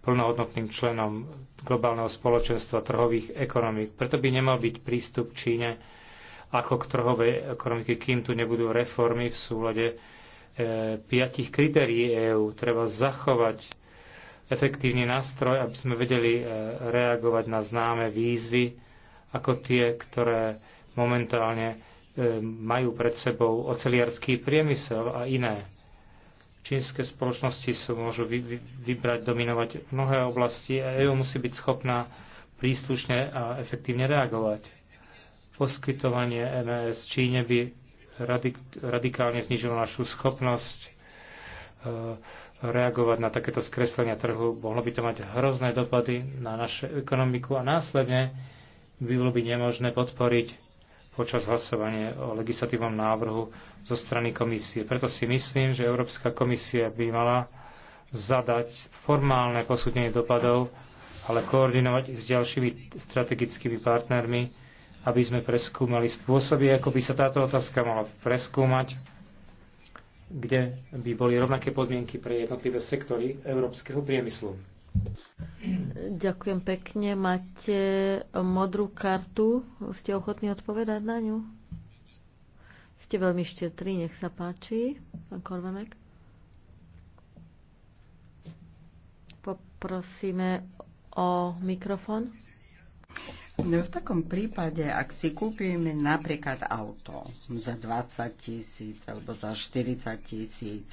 plnohodnotným členom globálneho spoločenstva trhových ekonomík. Preto by nemal byť prístup Číne ako k trhovej ekonomike, kým tu nebudú reformy v súlade e, piatich kritérií EÚ. Treba zachovať efektívny nástroj, aby sme vedeli e, reagovať na známe výzvy, ako tie, ktoré momentálne e, majú pred sebou oceliarský priemysel a iné. Čínske spoločnosti sú, môžu vy, vybrať, dominovať mnohé oblasti a EÚ musí byť schopná príslušne a efektívne reagovať Poskytovanie MS e Číne by radik- radikálne znižilo našu schopnosť eh, reagovať na takéto skreslenia trhu. Mohlo by to mať hrozné dopady na našu ekonomiku a následne by bolo by nemožné podporiť počas hlasovania o legislatívnom návrhu zo strany komisie. Preto si myslím, že Európska komisia by mala zadať formálne posúdenie dopadov, ale koordinovať s ďalšími strategickými partnermi, aby sme preskúmali spôsoby, ako by sa táto otázka mala preskúmať, kde by boli rovnaké podmienky pre jednotlivé sektory európskeho priemyslu. Ďakujem pekne. Máte modrú kartu. Ste ochotní odpovedať na ňu? Ste veľmi štetrí, nech sa páči, pán Korvanek. Poprosíme o mikrofón. No v takom prípade, ak si kúpime napríklad auto za 20 tisíc alebo za 40 tisíc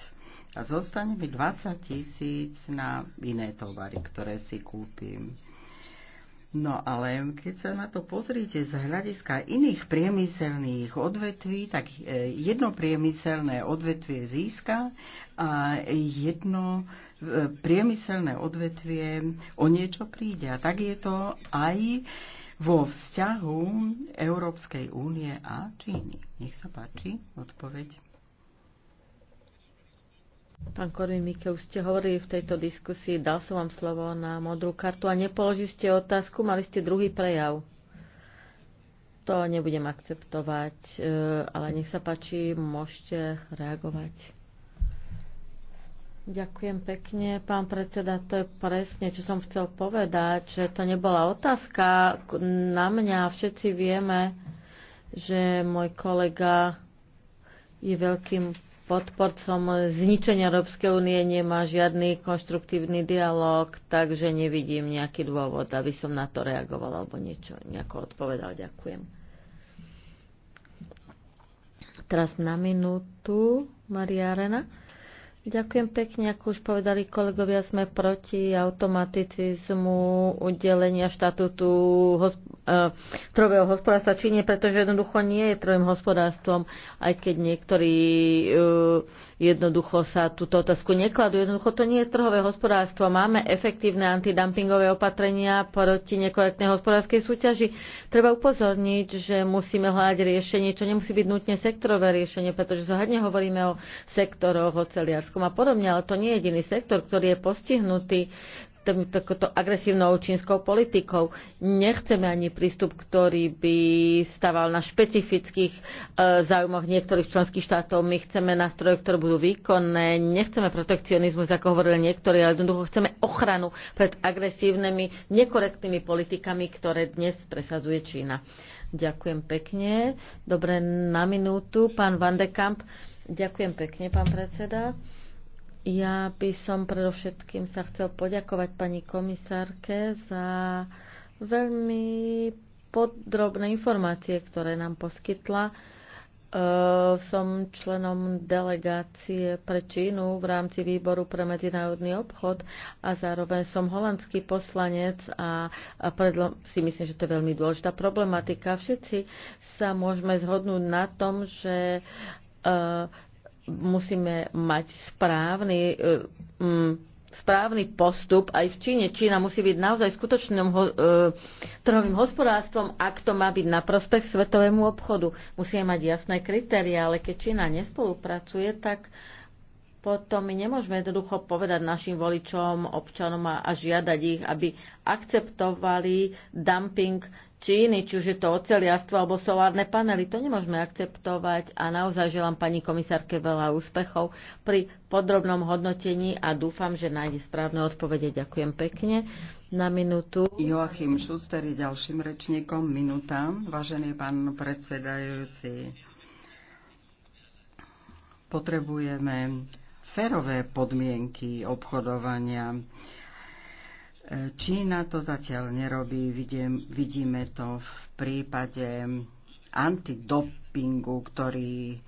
a zostane mi 20 tisíc na iné tovary, ktoré si kúpim. No ale keď sa na to pozriete z hľadiska iných priemyselných odvetví, tak e, jedno priemyselné odvetvie získa a jedno e, priemyselné odvetvie o niečo príde. A tak je to aj vo vzťahu Európskej únie a Číny? Nech sa páči, odpoveď. Pán Korvin Mike, už ste hovorili v tejto diskusii, dal som vám slovo na modrú kartu a nepoložili ste otázku, mali ste druhý prejav. To nebudem akceptovať, e, ale nech sa páči, môžete reagovať. Ďakujem pekne, pán predseda. To je presne, čo som chcel povedať, že to nebola otázka na mňa. Všetci vieme, že môj kolega je veľkým podporcom zničenia Európskej únie, nemá žiadny konštruktívny dialog, takže nevidím nejaký dôvod, aby som na to reagoval alebo niečo, nejako odpovedal. Ďakujem. Teraz na minútu, Maria Arena. Ďakujem pekne, ako už povedali kolegovia, sme proti automaticizmu udelenia štatútu hosp- e, eh, trového hospodárstva nie, pretože jednoducho nie je trojím hospodárstvom, aj keď niektorí e, jednoducho sa túto otázku nekladú. Jednoducho to nie je trhové hospodárstvo. Máme efektívne antidumpingové opatrenia proti nekorektnej hospodárskej súťaži. Treba upozorniť, že musíme hľadať riešenie, čo nemusí byť nutne sektorové riešenie, pretože zohadne hovoríme o sektoroch, o celiarskom Tajvanskom a podobne, ale to nie je jediný sektor, ktorý je postihnutý takouto agresívnou čínskou politikou. Nechceme ani prístup, ktorý by staval na špecifických e, záujmoch niektorých členských štátov. My chceme nástroje, ktoré budú výkonné. Nechceme protekcionizmus, ako hovorili niektorí, ale jednoducho chceme ochranu pred agresívnymi, nekorektnými politikami, ktoré dnes presadzuje Čína. Ďakujem pekne. Dobre, na minútu. Pán Vandekamp. Ďakujem pekne, pán predseda. Ja by som predovšetkým sa chcel poďakovať pani komisárke za veľmi podrobné informácie, ktoré nám poskytla. E, som členom delegácie pre Čínu v rámci výboru pre medzinárodný obchod a zároveň som holandský poslanec a predlo- si myslím, že to je veľmi dôležitá problematika. Všetci sa môžeme zhodnúť na tom, že e, musíme mať správny, e, správny postup aj v Číne. Čína musí byť naozaj skutočným e, trhovým hospodárstvom, ak to má byť na prospech svetovému obchodu. Musíme mať jasné kritéria, ale keď Čína nespolupracuje, tak potom my nemôžeme jednoducho povedať našim voličom, občanom a, a žiadať ich, aby akceptovali dumping Číny, či už je to oceliarstvo alebo solárne panely. To nemôžeme akceptovať a naozaj želám pani komisárke veľa úspechov pri podrobnom hodnotení a dúfam, že nájde správne odpovede. Ďakujem pekne. Na minútu. Joachim Šuster je ďalším rečníkom. Minúta. Vážený pán predsedajúci, potrebujeme férové podmienky obchodovania Čína to zatiaľ nerobí, vidím, vidíme to v prípade antidopingu, ktorý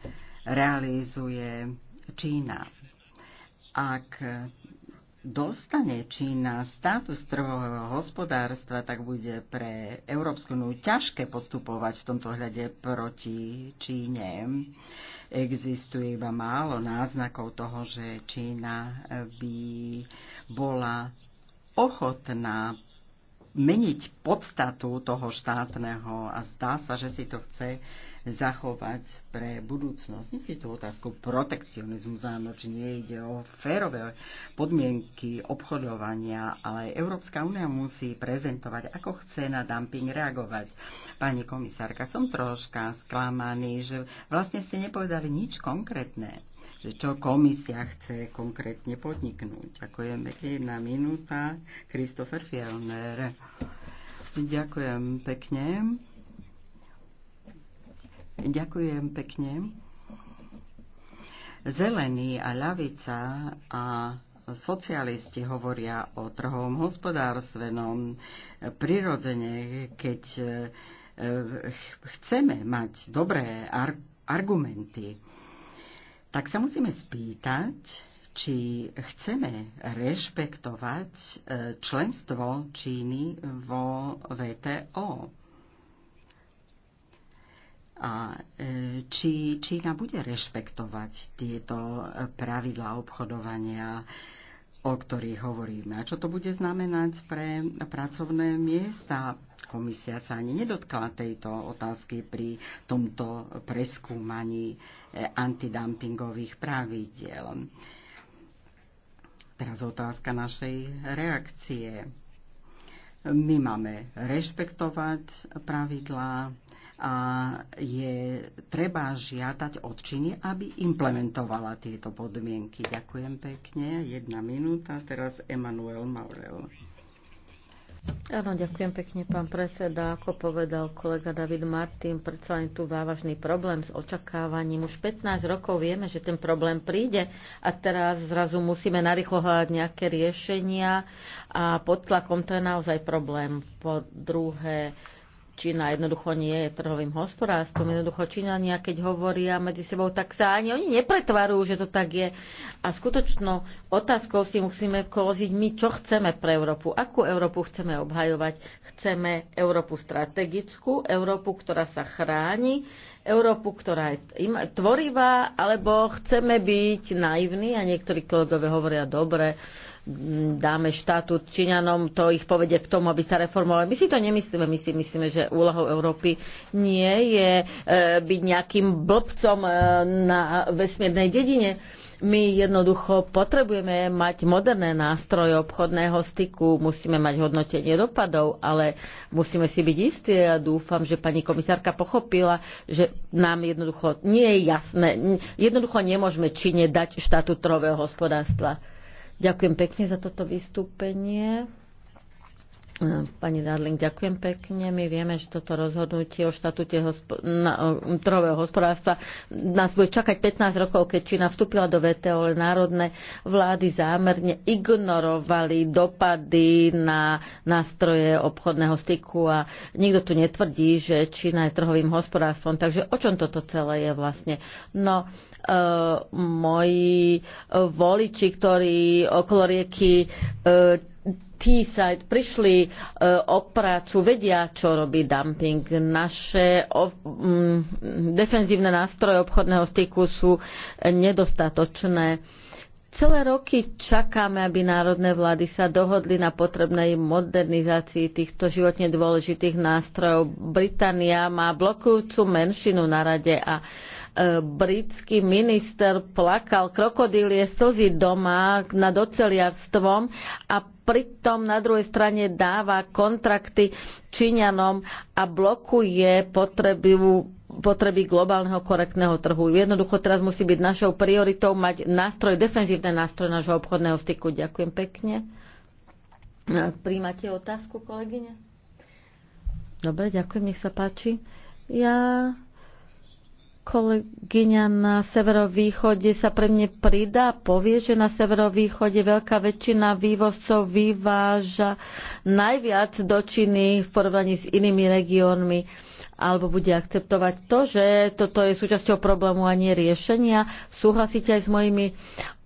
realizuje Čína. Ak dostane Čína status trhového hospodárstva, tak bude pre Európsku úniu ťažké postupovať v tomto hľade proti Číne. Existuje iba málo náznakov toho, že Čína by bola ochotná meniť podstatu toho štátneho a zdá sa, že si to chce zachovať pre budúcnosť. Nie je to otázku protekcionizmu zájmo, či nie ide o férové podmienky obchodovania, ale Európska únia musí prezentovať, ako chce na dumping reagovať. Pani komisárka, som troška sklamaný, že vlastne ste nepovedali nič konkrétne že čo komisia chce konkrétne podniknúť. Ďakujem pekne. Jedna minúta. Christopher Fielner. Ďakujem pekne. Ďakujem pekne. Zelení a ľavica a socialisti hovoria o trhovom hospodárstvenom. Prirodzene, keď eh, chceme mať dobré argumenty, tak sa musíme spýtať, či chceme rešpektovať e, členstvo Číny vo VTO. A e, či Čína bude rešpektovať tieto e, pravidlá obchodovania o ktorých hovoríme. A čo to bude znamenať pre pracovné miesta? Komisia sa ani nedotkala tejto otázky pri tomto preskúmaní eh, antidumpingových pravidiel. Teraz otázka našej reakcie. My máme rešpektovať pravidlá, a je treba žiadať od Číny, aby implementovala tieto podmienky. Ďakujem pekne. Jedna minúta. Teraz Emanuel Maurel. Áno, ďakujem pekne, pán predseda. Ako povedal kolega David Martin, predsa len tu vávažný problém s očakávaním. Už 15 rokov vieme, že ten problém príde a teraz zrazu musíme narýchlo hľadať nejaké riešenia a pod tlakom to je naozaj problém. Po druhé, Čína jednoducho nie je trhovým hospodárstvom. Jednoducho Číňania, keď hovoria medzi sebou, tak sa ani oni nepretvarujú, že to tak je. A skutočnou otázkou si musíme položiť my, čo chceme pre Európu. Akú Európu chceme obhajovať? Chceme Európu strategickú, Európu, ktorá sa chráni, Európu, ktorá je tvorivá, alebo chceme byť naivní a niektorí kolegové hovoria dobre, dáme štatút Číňanom, to ich povede k tomu, aby sa reformovali. My si to nemyslíme, my si myslíme, že úlohou Európy nie je e, byť nejakým blbcom e, na vesmírnej dedine. My jednoducho potrebujeme mať moderné nástroje obchodného styku, musíme mať hodnotenie dopadov, ale musíme si byť istí a ja dúfam, že pani komisárka pochopila, že nám jednoducho nie je jasné, jednoducho nemôžeme čine dať štatutrového hospodárstva Ďakujem pekne za toto vystúpenie. E, pani Darling, ďakujem pekne. My vieme, že toto rozhodnutie o štatúte hospo- na, o, trhového hospodárstva nás bude čakať 15 rokov, keď Čína vstúpila do VTO, ale národné vlády zámerne ignorovali dopady na nástroje obchodného styku a nikto tu netvrdí, že Čína je trhovým hospodárstvom. Takže o čom toto celé je vlastne? No, E, moji e, voliči, ktorí okolo rieky e, T-side prišli o prácu, vedia, čo robí dumping. Naše defenzívne nástroje obchodného styku sú nedostatočné. Celé roky čakáme, aby národné vlády sa dohodli na potrebnej modernizácii týchto životne dôležitých nástrojov. Británia má blokujúcu menšinu na rade a uh, E, britský minister plakal krokodílie slzy doma nad oceliarstvom a pritom na druhej strane dáva kontrakty Číňanom a blokuje potreby, potreby globálneho korektného trhu. Jednoducho teraz musí byť našou prioritou mať nástroj, defenzívne nástroj nášho obchodného styku. Ďakujem pekne. No, príjmate otázku, kolegyne? Dobre, ďakujem, nech sa páči. Ja Kolegyňa na severovýchode sa pre mne pridá, povie, že na severovýchode veľká väčšina vývozcov vyváža najviac do Číny v porovnaní s inými regiónmi alebo bude akceptovať to, že toto je súčasťou problému a nie riešenia. Súhlasíte aj s mojimi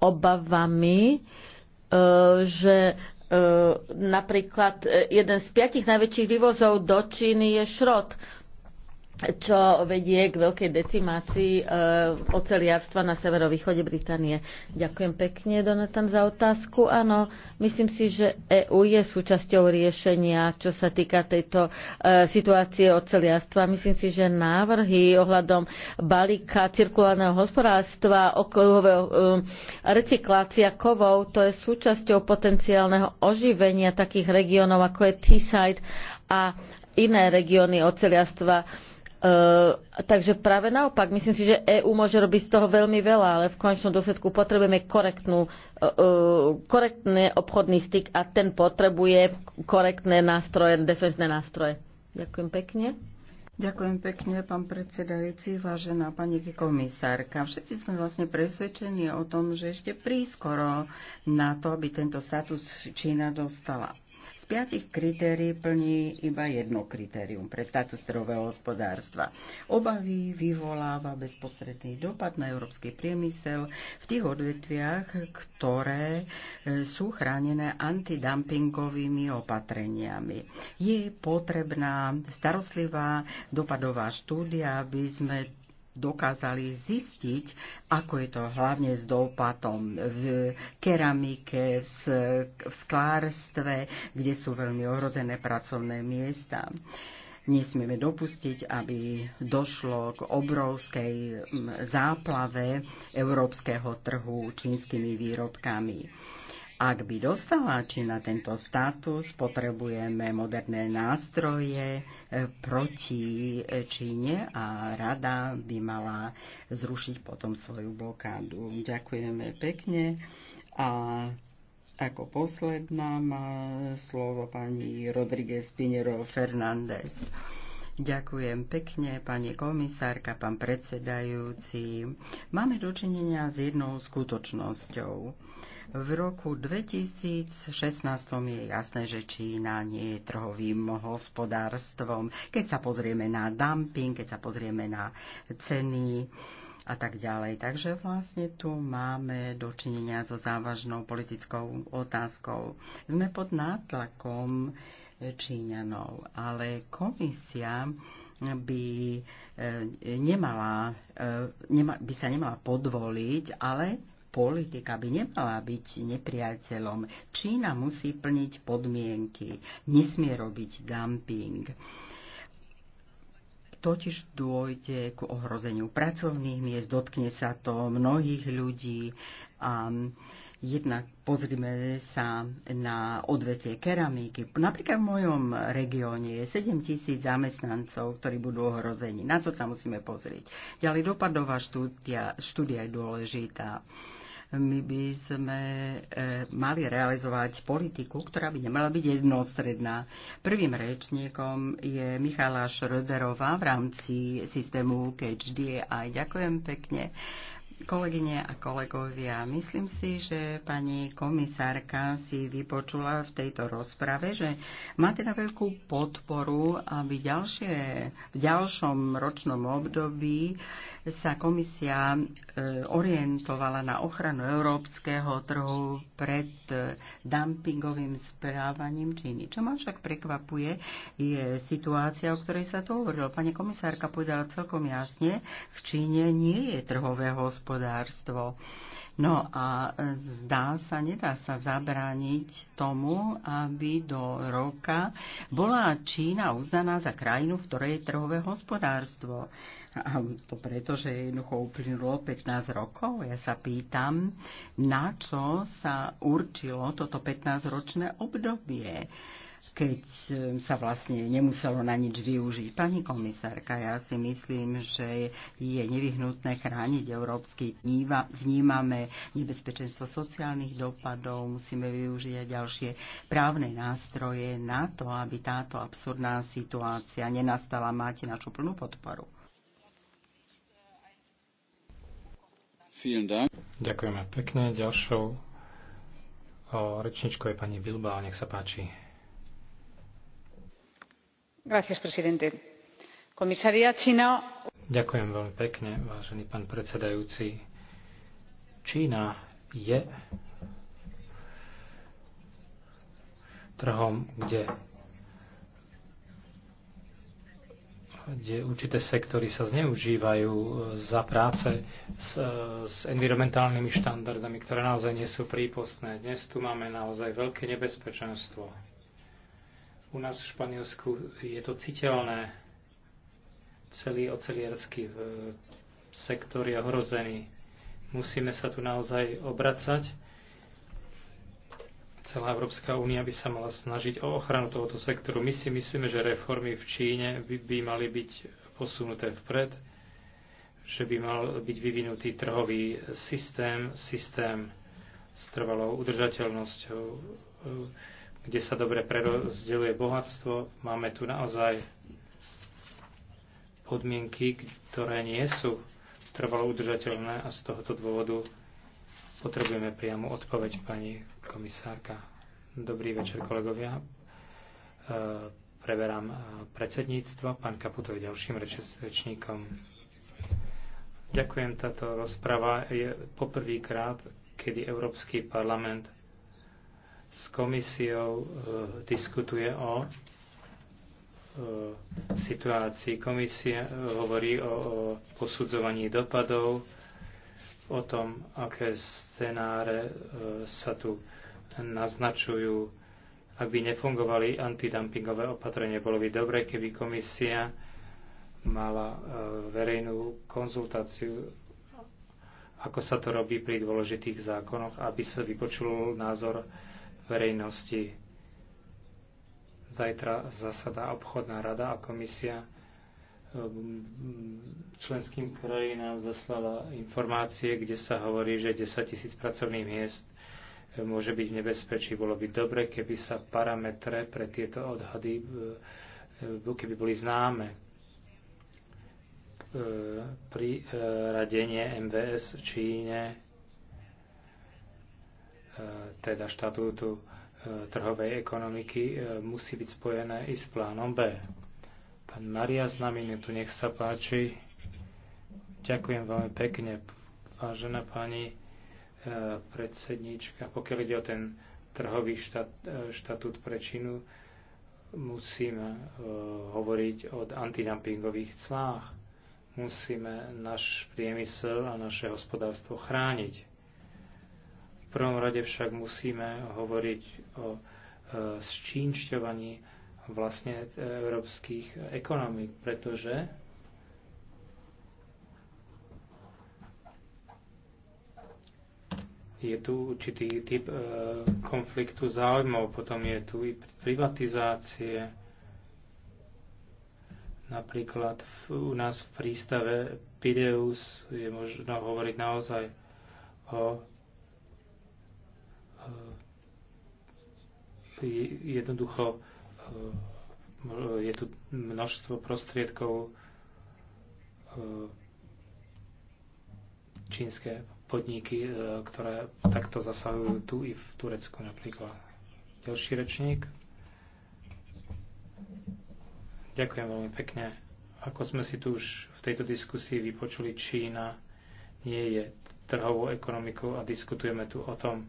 obavami, e, že e, napríklad e, jeden z piatich najväčších vývozov do Číny je šrot čo vedie k veľkej decimácii e, oceliarstva na severovýchode Británie. Ďakujem pekne, Donatan, za otázku. Áno, myslím si, že EÚ je súčasťou riešenia, čo sa týka tejto e, situácie oceliarstva. Myslím si, že návrhy ohľadom balíka cirkulárneho hospodárstva, okruhového e, recyklácia kovov, to je súčasťou potenciálneho oživenia takých regiónov, ako je Teesside a iné regióny oceliarstva E, takže práve naopak, myslím si, že EÚ môže robiť z toho veľmi veľa, ale v konečnom dôsledku potrebujeme korektnú, e, e, korektný obchodný styk a ten potrebuje korektné nástroje, defenzné nástroje. Ďakujem pekne. Ďakujem pekne, pán predsedajúci, vážená pani komisárka. Všetci sme vlastne presvedčení o tom, že ešte prískoro na to, aby tento status Čína dostala piatich kritérií plní iba jedno kritérium pre status trhového hospodárstva. Obavy vyvoláva bezprostredný dopad na európsky priemysel v tých odvetviach, ktoré e, sú chránené antidumpingovými opatreniami. Je potrebná starostlivá dopadová štúdia, aby sme dokázali zistiť, ako je to hlavne s dopatom v keramike, v sklárstve, kde sú veľmi ohrozené pracovné miesta nesmieme dopustiť, aby došlo k obrovskej záplave európskeho trhu čínskymi výrobkami. Ak by dostala Čína tento status, potrebujeme moderné nástroje e, proti e, Číne a rada by mala zrušiť potom svoju blokádu. Ďakujeme pekne. A ako posledná má slovo pani Rodríguez Pinero Fernández. Ďakujem pekne, pani komisárka, pán predsedajúci. Máme dočinenia s jednou skutočnosťou v roku 2016 je jasné, že Čína nie je trhovým hospodárstvom. Keď sa pozrieme na dumping, keď sa pozrieme na ceny a tak ďalej. Takže vlastne tu máme dočinenia so závažnou politickou otázkou. Sme pod nátlakom Číňanov, ale komisia by, eh, nemala, eh, by sa nemala podvoliť, ale politika by nemala byť nepriateľom. Čína musí plniť podmienky, nesmie robiť dumping. Totiž dôjde k ohrozeniu pracovných miest, dotkne sa to mnohých ľudí a Jednak pozrime sa na odvetie keramiky. Napríklad v mojom regióne je 7 tisíc zamestnancov, ktorí budú ohrození. Na to sa musíme pozrieť. Ďalej dopadová štúdia, štúdia je dôležitá my by sme e, mali realizovať politiku, ktorá by nemala byť jednostredná. Prvým rečníkom je Michala Šröderová v rámci systému KHD a ďakujem pekne. Kolegyne a kolegovia, myslím si, že pani komisárka si vypočula v tejto rozprave, že máte na veľkú podporu, aby ďalšie, v ďalšom ročnom období sa komisia e, orientovala na ochranu európskeho trhu pred e, dumpingovým správaním Číny. Čo ma však prekvapuje, je situácia, o ktorej sa tu hovorilo. Pani komisárka povedala celkom jasne, v Číne nie je trhové hospodárstvo. No a zdá sa, nedá sa zabrániť tomu, aby do roka bola Čína uznaná za krajinu, v ktorej je trhové hospodárstvo. A to preto, že jednoducho uplynulo 15 rokov. Ja sa pýtam, na čo sa určilo toto 15-ročné obdobie keď ehm, sa vlastne nemuselo na nič využiť. Pani komisárka, ja si myslím, že je nevyhnutné chrániť európsky. Vnímame nebezpečenstvo sociálnych dopadov, musíme využiť aj ďalšie právne nástroje na to, aby táto absurdná situácia nenastala. Máte našu plnú podporu. Ďakujeme pekne. Ďalšou rečničkou je pani Bilba. Nech sa páči. Ďakujem veľmi pekne, vážený pán predsedajúci. Čína je trhom, kde, určité sektory sa zneužívajú za práce s, s environmentálnymi štandardami, ktoré naozaj nie sú prípustné. Dnes tu máme naozaj veľké nebezpečenstvo u nás v Španielsku je to citeľné. Celý oceliarský e, sektor je ohrozený. Musíme sa tu naozaj obracať. Celá Európska únia by sa mala snažiť o ochranu tohoto sektoru. My si myslíme, že reformy v Číne by, by mali byť posunuté vpred, že by mal byť vyvinutý trhový systém, systém s trvalou udržateľnosťou kde sa dobre prerozdeluje bohatstvo. Máme tu naozaj podmienky, ktoré nie sú trvalo udržateľné a z tohoto dôvodu potrebujeme priamu odpoveď pani komisárka. Dobrý večer, kolegovia. E, preberám e, predsedníctvo. Pán Kaputo je ďalším rečníkom. Ďakujem, táto rozprava je poprvýkrát, kedy Európsky parlament s komisiou e, diskutuje o e, situácii. Komisia e, hovorí o, o posudzovaní dopadov, o tom, aké scenáre e, sa tu naznačujú. Ak by nefungovali antidumpingové opatrenie, bolo by dobre, keby komisia mala e, verejnú konzultáciu ako sa to robí pri dôležitých zákonoch, aby sa vypočul názor verejnosti. Zajtra zasadá obchodná rada a komisia ehm, členským krajinám zaslala informácie, kde sa hovorí, že 10 tisíc pracovných miest ehm, môže byť v nebezpečí. Bolo by dobre, keby sa parametre pre tieto odhady ehm, keby boli známe pri radenie MVS v Číne teda štatútu e, trhovej ekonomiky e, musí byť spojené i s plánom B. Pán Maria z tu nech sa páči. Ďakujem veľmi pekne, vážená pani e, predsednička. Pokiaľ ide o ten trhový štat, štatút pre Čínu, musíme hovoriť o antidumpingových clách. Musíme náš priemysel a naše hospodárstvo chrániť prvom rade však musíme hovoriť o sčínšťovaní e, vlastne e, európskych ekonomík, pretože je tu určitý typ e, konfliktu záujmov, potom je tu i privatizácie, napríklad u nás v prístave Pideus je možno hovoriť naozaj o jednoducho eh, je tu množstvo prostriedkov eh, čínske podniky, eh, ktoré takto zasahujú tu i v Turecku napríklad. Ďalší rečník. Ďakujem veľmi pekne. Ako sme si tu už v tejto diskusii vypočuli, Čína nie je trhovou ekonomikou a diskutujeme tu o tom,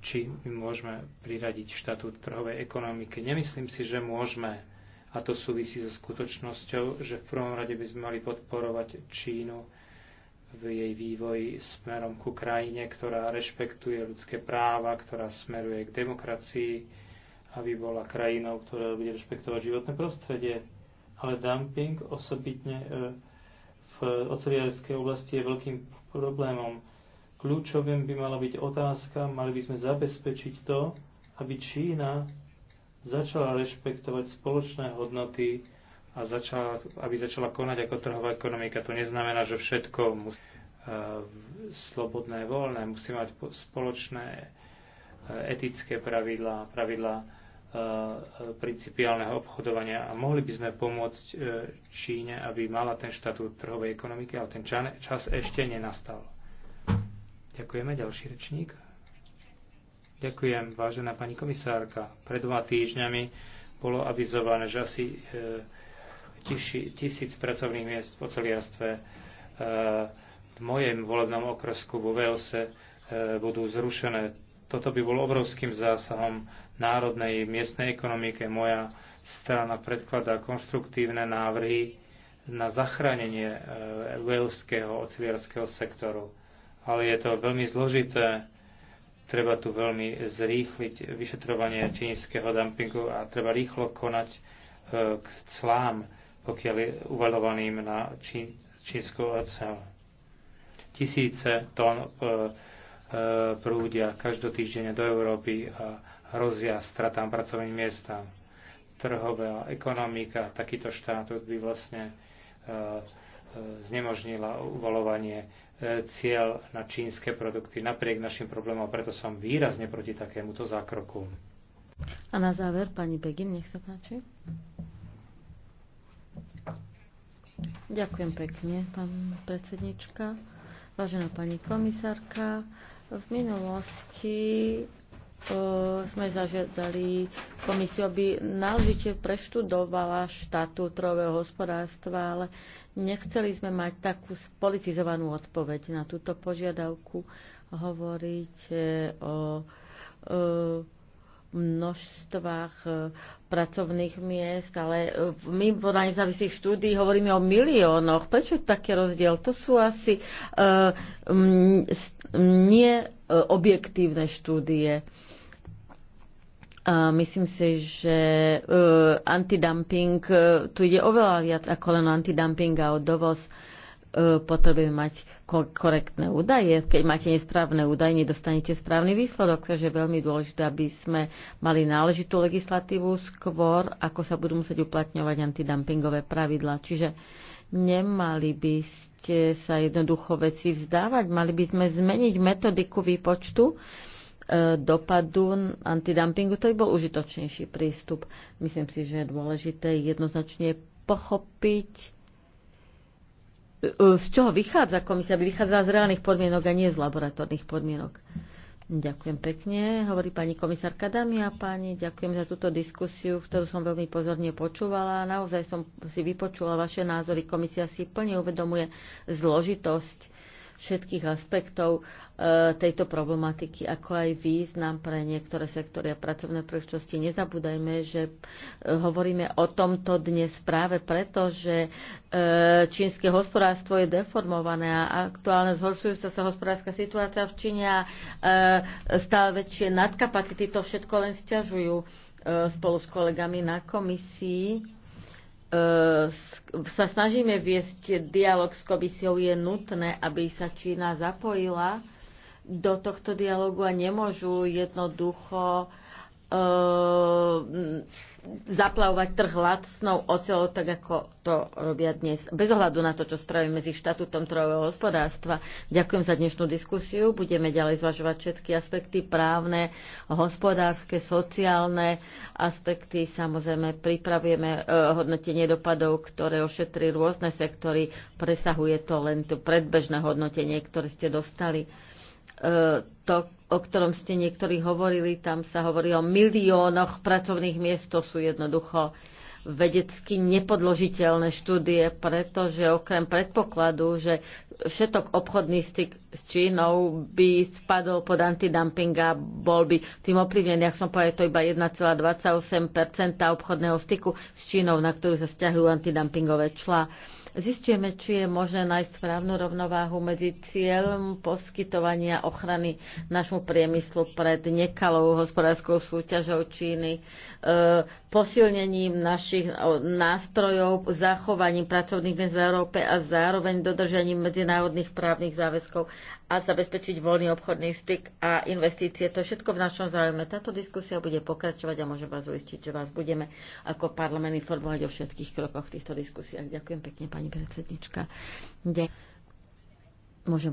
či my môžeme priradiť štatút trhovej ekonomiky. Nemyslím si, že môžeme. A to súvisí so skutočnosťou, že v prvom rade by sme mali podporovať Čínu v jej vývoji smerom ku krajine, ktorá rešpektuje ľudské práva, ktorá smeruje k demokracii, aby bola krajinou, ktorá bude rešpektovať životné prostredie. Ale dumping osobitne e, v oceliarskej oblasti je veľkým problémom Kľúčovým by mala byť otázka, mali by sme zabezpečiť to, aby Čína začala rešpektovať spoločné hodnoty a začala, aby začala konať ako trhová ekonomika. To neznamená, že všetko musí e, slobodné, voľné, musí mať spoločné e, etické pravidlá, pravidlá e, principiálneho obchodovania a mohli by sme pomôcť Číne, aby mala ten štatút trhovej ekonomiky, ale ten čas ešte nenastal. Ďakujeme. Ďalší rečník. Ďakujem, vážená pani komisárka. Pred dvoma týždňami bolo avizované, že asi e, tisíc pracovných miest v celiastve e, v mojem volebnom okresku vo Velse e, budú zrušené. Toto by bolo obrovským zásahom národnej miestnej ekonomike. Moja strana predkladá konštruktívne návrhy na zachránenie e, veľského oceliarského sektoru ale je to veľmi zložité. Treba tu veľmi zrýchliť vyšetrovanie čínskeho dumpingu a treba rýchlo konať e, k clám, pokiaľ je uvalovaným na čín, čínsku oceľ. Tisíce tón e, e, prúdia každotýždene do Európy a hrozia stratám pracovným miestam. Trhová ekonomika takýto štát by vlastne znemožnila uvalovanie E, cieľ na čínske produkty napriek našim problémom, preto som výrazne proti takémuto zákroku. A na záver, pani Begin, nech sa páči. Ďakujem pekne, pán predsednička. Vážená pani komisárka, v minulosti E, sme zažiadali komisiu, aby náležite preštudovala štátu trového hospodárstva, ale nechceli sme mať takú spolitizovanú odpoveď na túto požiadavku. Hovoríte o e, množstvách e, pracovných miest, ale my podľa nezávislých štúdí hovoríme o miliónoch. Prečo taký rozdiel? To sú asi uh, nie objektívne štúdie. Uh, a myslím si, že uh, antidumping, uh, tu ide oveľa viac ako len antidumping a o dovoz. Uh, potrebujeme mať ko- korektné údaje. Keď máte nesprávne údaje, nedostanete správny výsledok. Takže je veľmi dôležité, aby sme mali náležitú legislatívu skôr, ako sa budú musieť uplatňovať antidumpingové pravidla. Čiže nemali by ste sa jednoducho veci vzdávať. Mali by sme zmeniť metodiku výpočtu E, dopadu antidumpingu, to by bol užitočnejší prístup. Myslím si, že je dôležité jednoznačne pochopiť, e, z čoho vychádza komisia, aby vychádzala z reálnych podmienok a nie z laboratórnych podmienok. Ďakujem pekne, hovorí pani komisárka Dami a páni. Ďakujem za túto diskusiu, ktorú som veľmi pozorne počúvala. Naozaj som si vypočula vaše názory. Komisia si plne uvedomuje zložitosť všetkých aspektov e, tejto problematiky, ako aj význam pre niektoré sektory a pracovné príležitosti. Nezabúdajme, že e, hovoríme o tomto dnes práve preto, že e, čínske hospodárstvo je deformované a aktuálne zhoršujúca sa hospodárska situácia v Číne a stále väčšie nadkapacity to všetko len stiažujú spolu s kolegami na komisii E, sa snažíme viesť dialog s komisiou, je nutné, aby sa Čína zapojila do tohto dialogu a nemôžu jednoducho e, zaplavovať trh lacnou oceľou, tak ako to robia dnes. Bez ohľadu na to, čo spravíme medzi štatútom trojového hospodárstva. Ďakujem za dnešnú diskusiu. Budeme ďalej zvažovať všetky aspekty právne, hospodárske, sociálne aspekty. Samozrejme, pripravujeme e, hodnotenie dopadov, ktoré ošetrí rôzne sektory. Presahuje to len to predbežné hodnotenie, ktoré ste dostali. E, to, o ktorom ste niektorí hovorili, tam sa hovorí o miliónoch pracovných miest, to sú jednoducho vedecky nepodložiteľné štúdie, pretože okrem predpokladu, že všetok obchodný styk s Čínou by spadol pod antidumping a bol by tým oprivnený, ak som povedal, to iba 1,28 obchodného styku s Čínou, na ktorú sa stiahujú antidumpingové člá. Uh, Zistujeme, či je možné nájsť správnu rovnováhu medzi cieľom poskytovania ochrany našmu priemyslu pred nekalou hospodárskou súťažou Číny, E, posilnením našich e, nástrojov, zachovaním pracovných miest v Európe a zároveň dodržaním medzinárodných právnych záväzkov a zabezpečiť voľný obchodný styk a investície. To je všetko v našom záujme. Táto diskusia bude pokračovať a môžem vás uistiť, že vás budeme ako parlament informovať o všetkých krokoch v týchto diskusiách. Ďakujem pekne, pani predsednička. Ďakujem. Môžem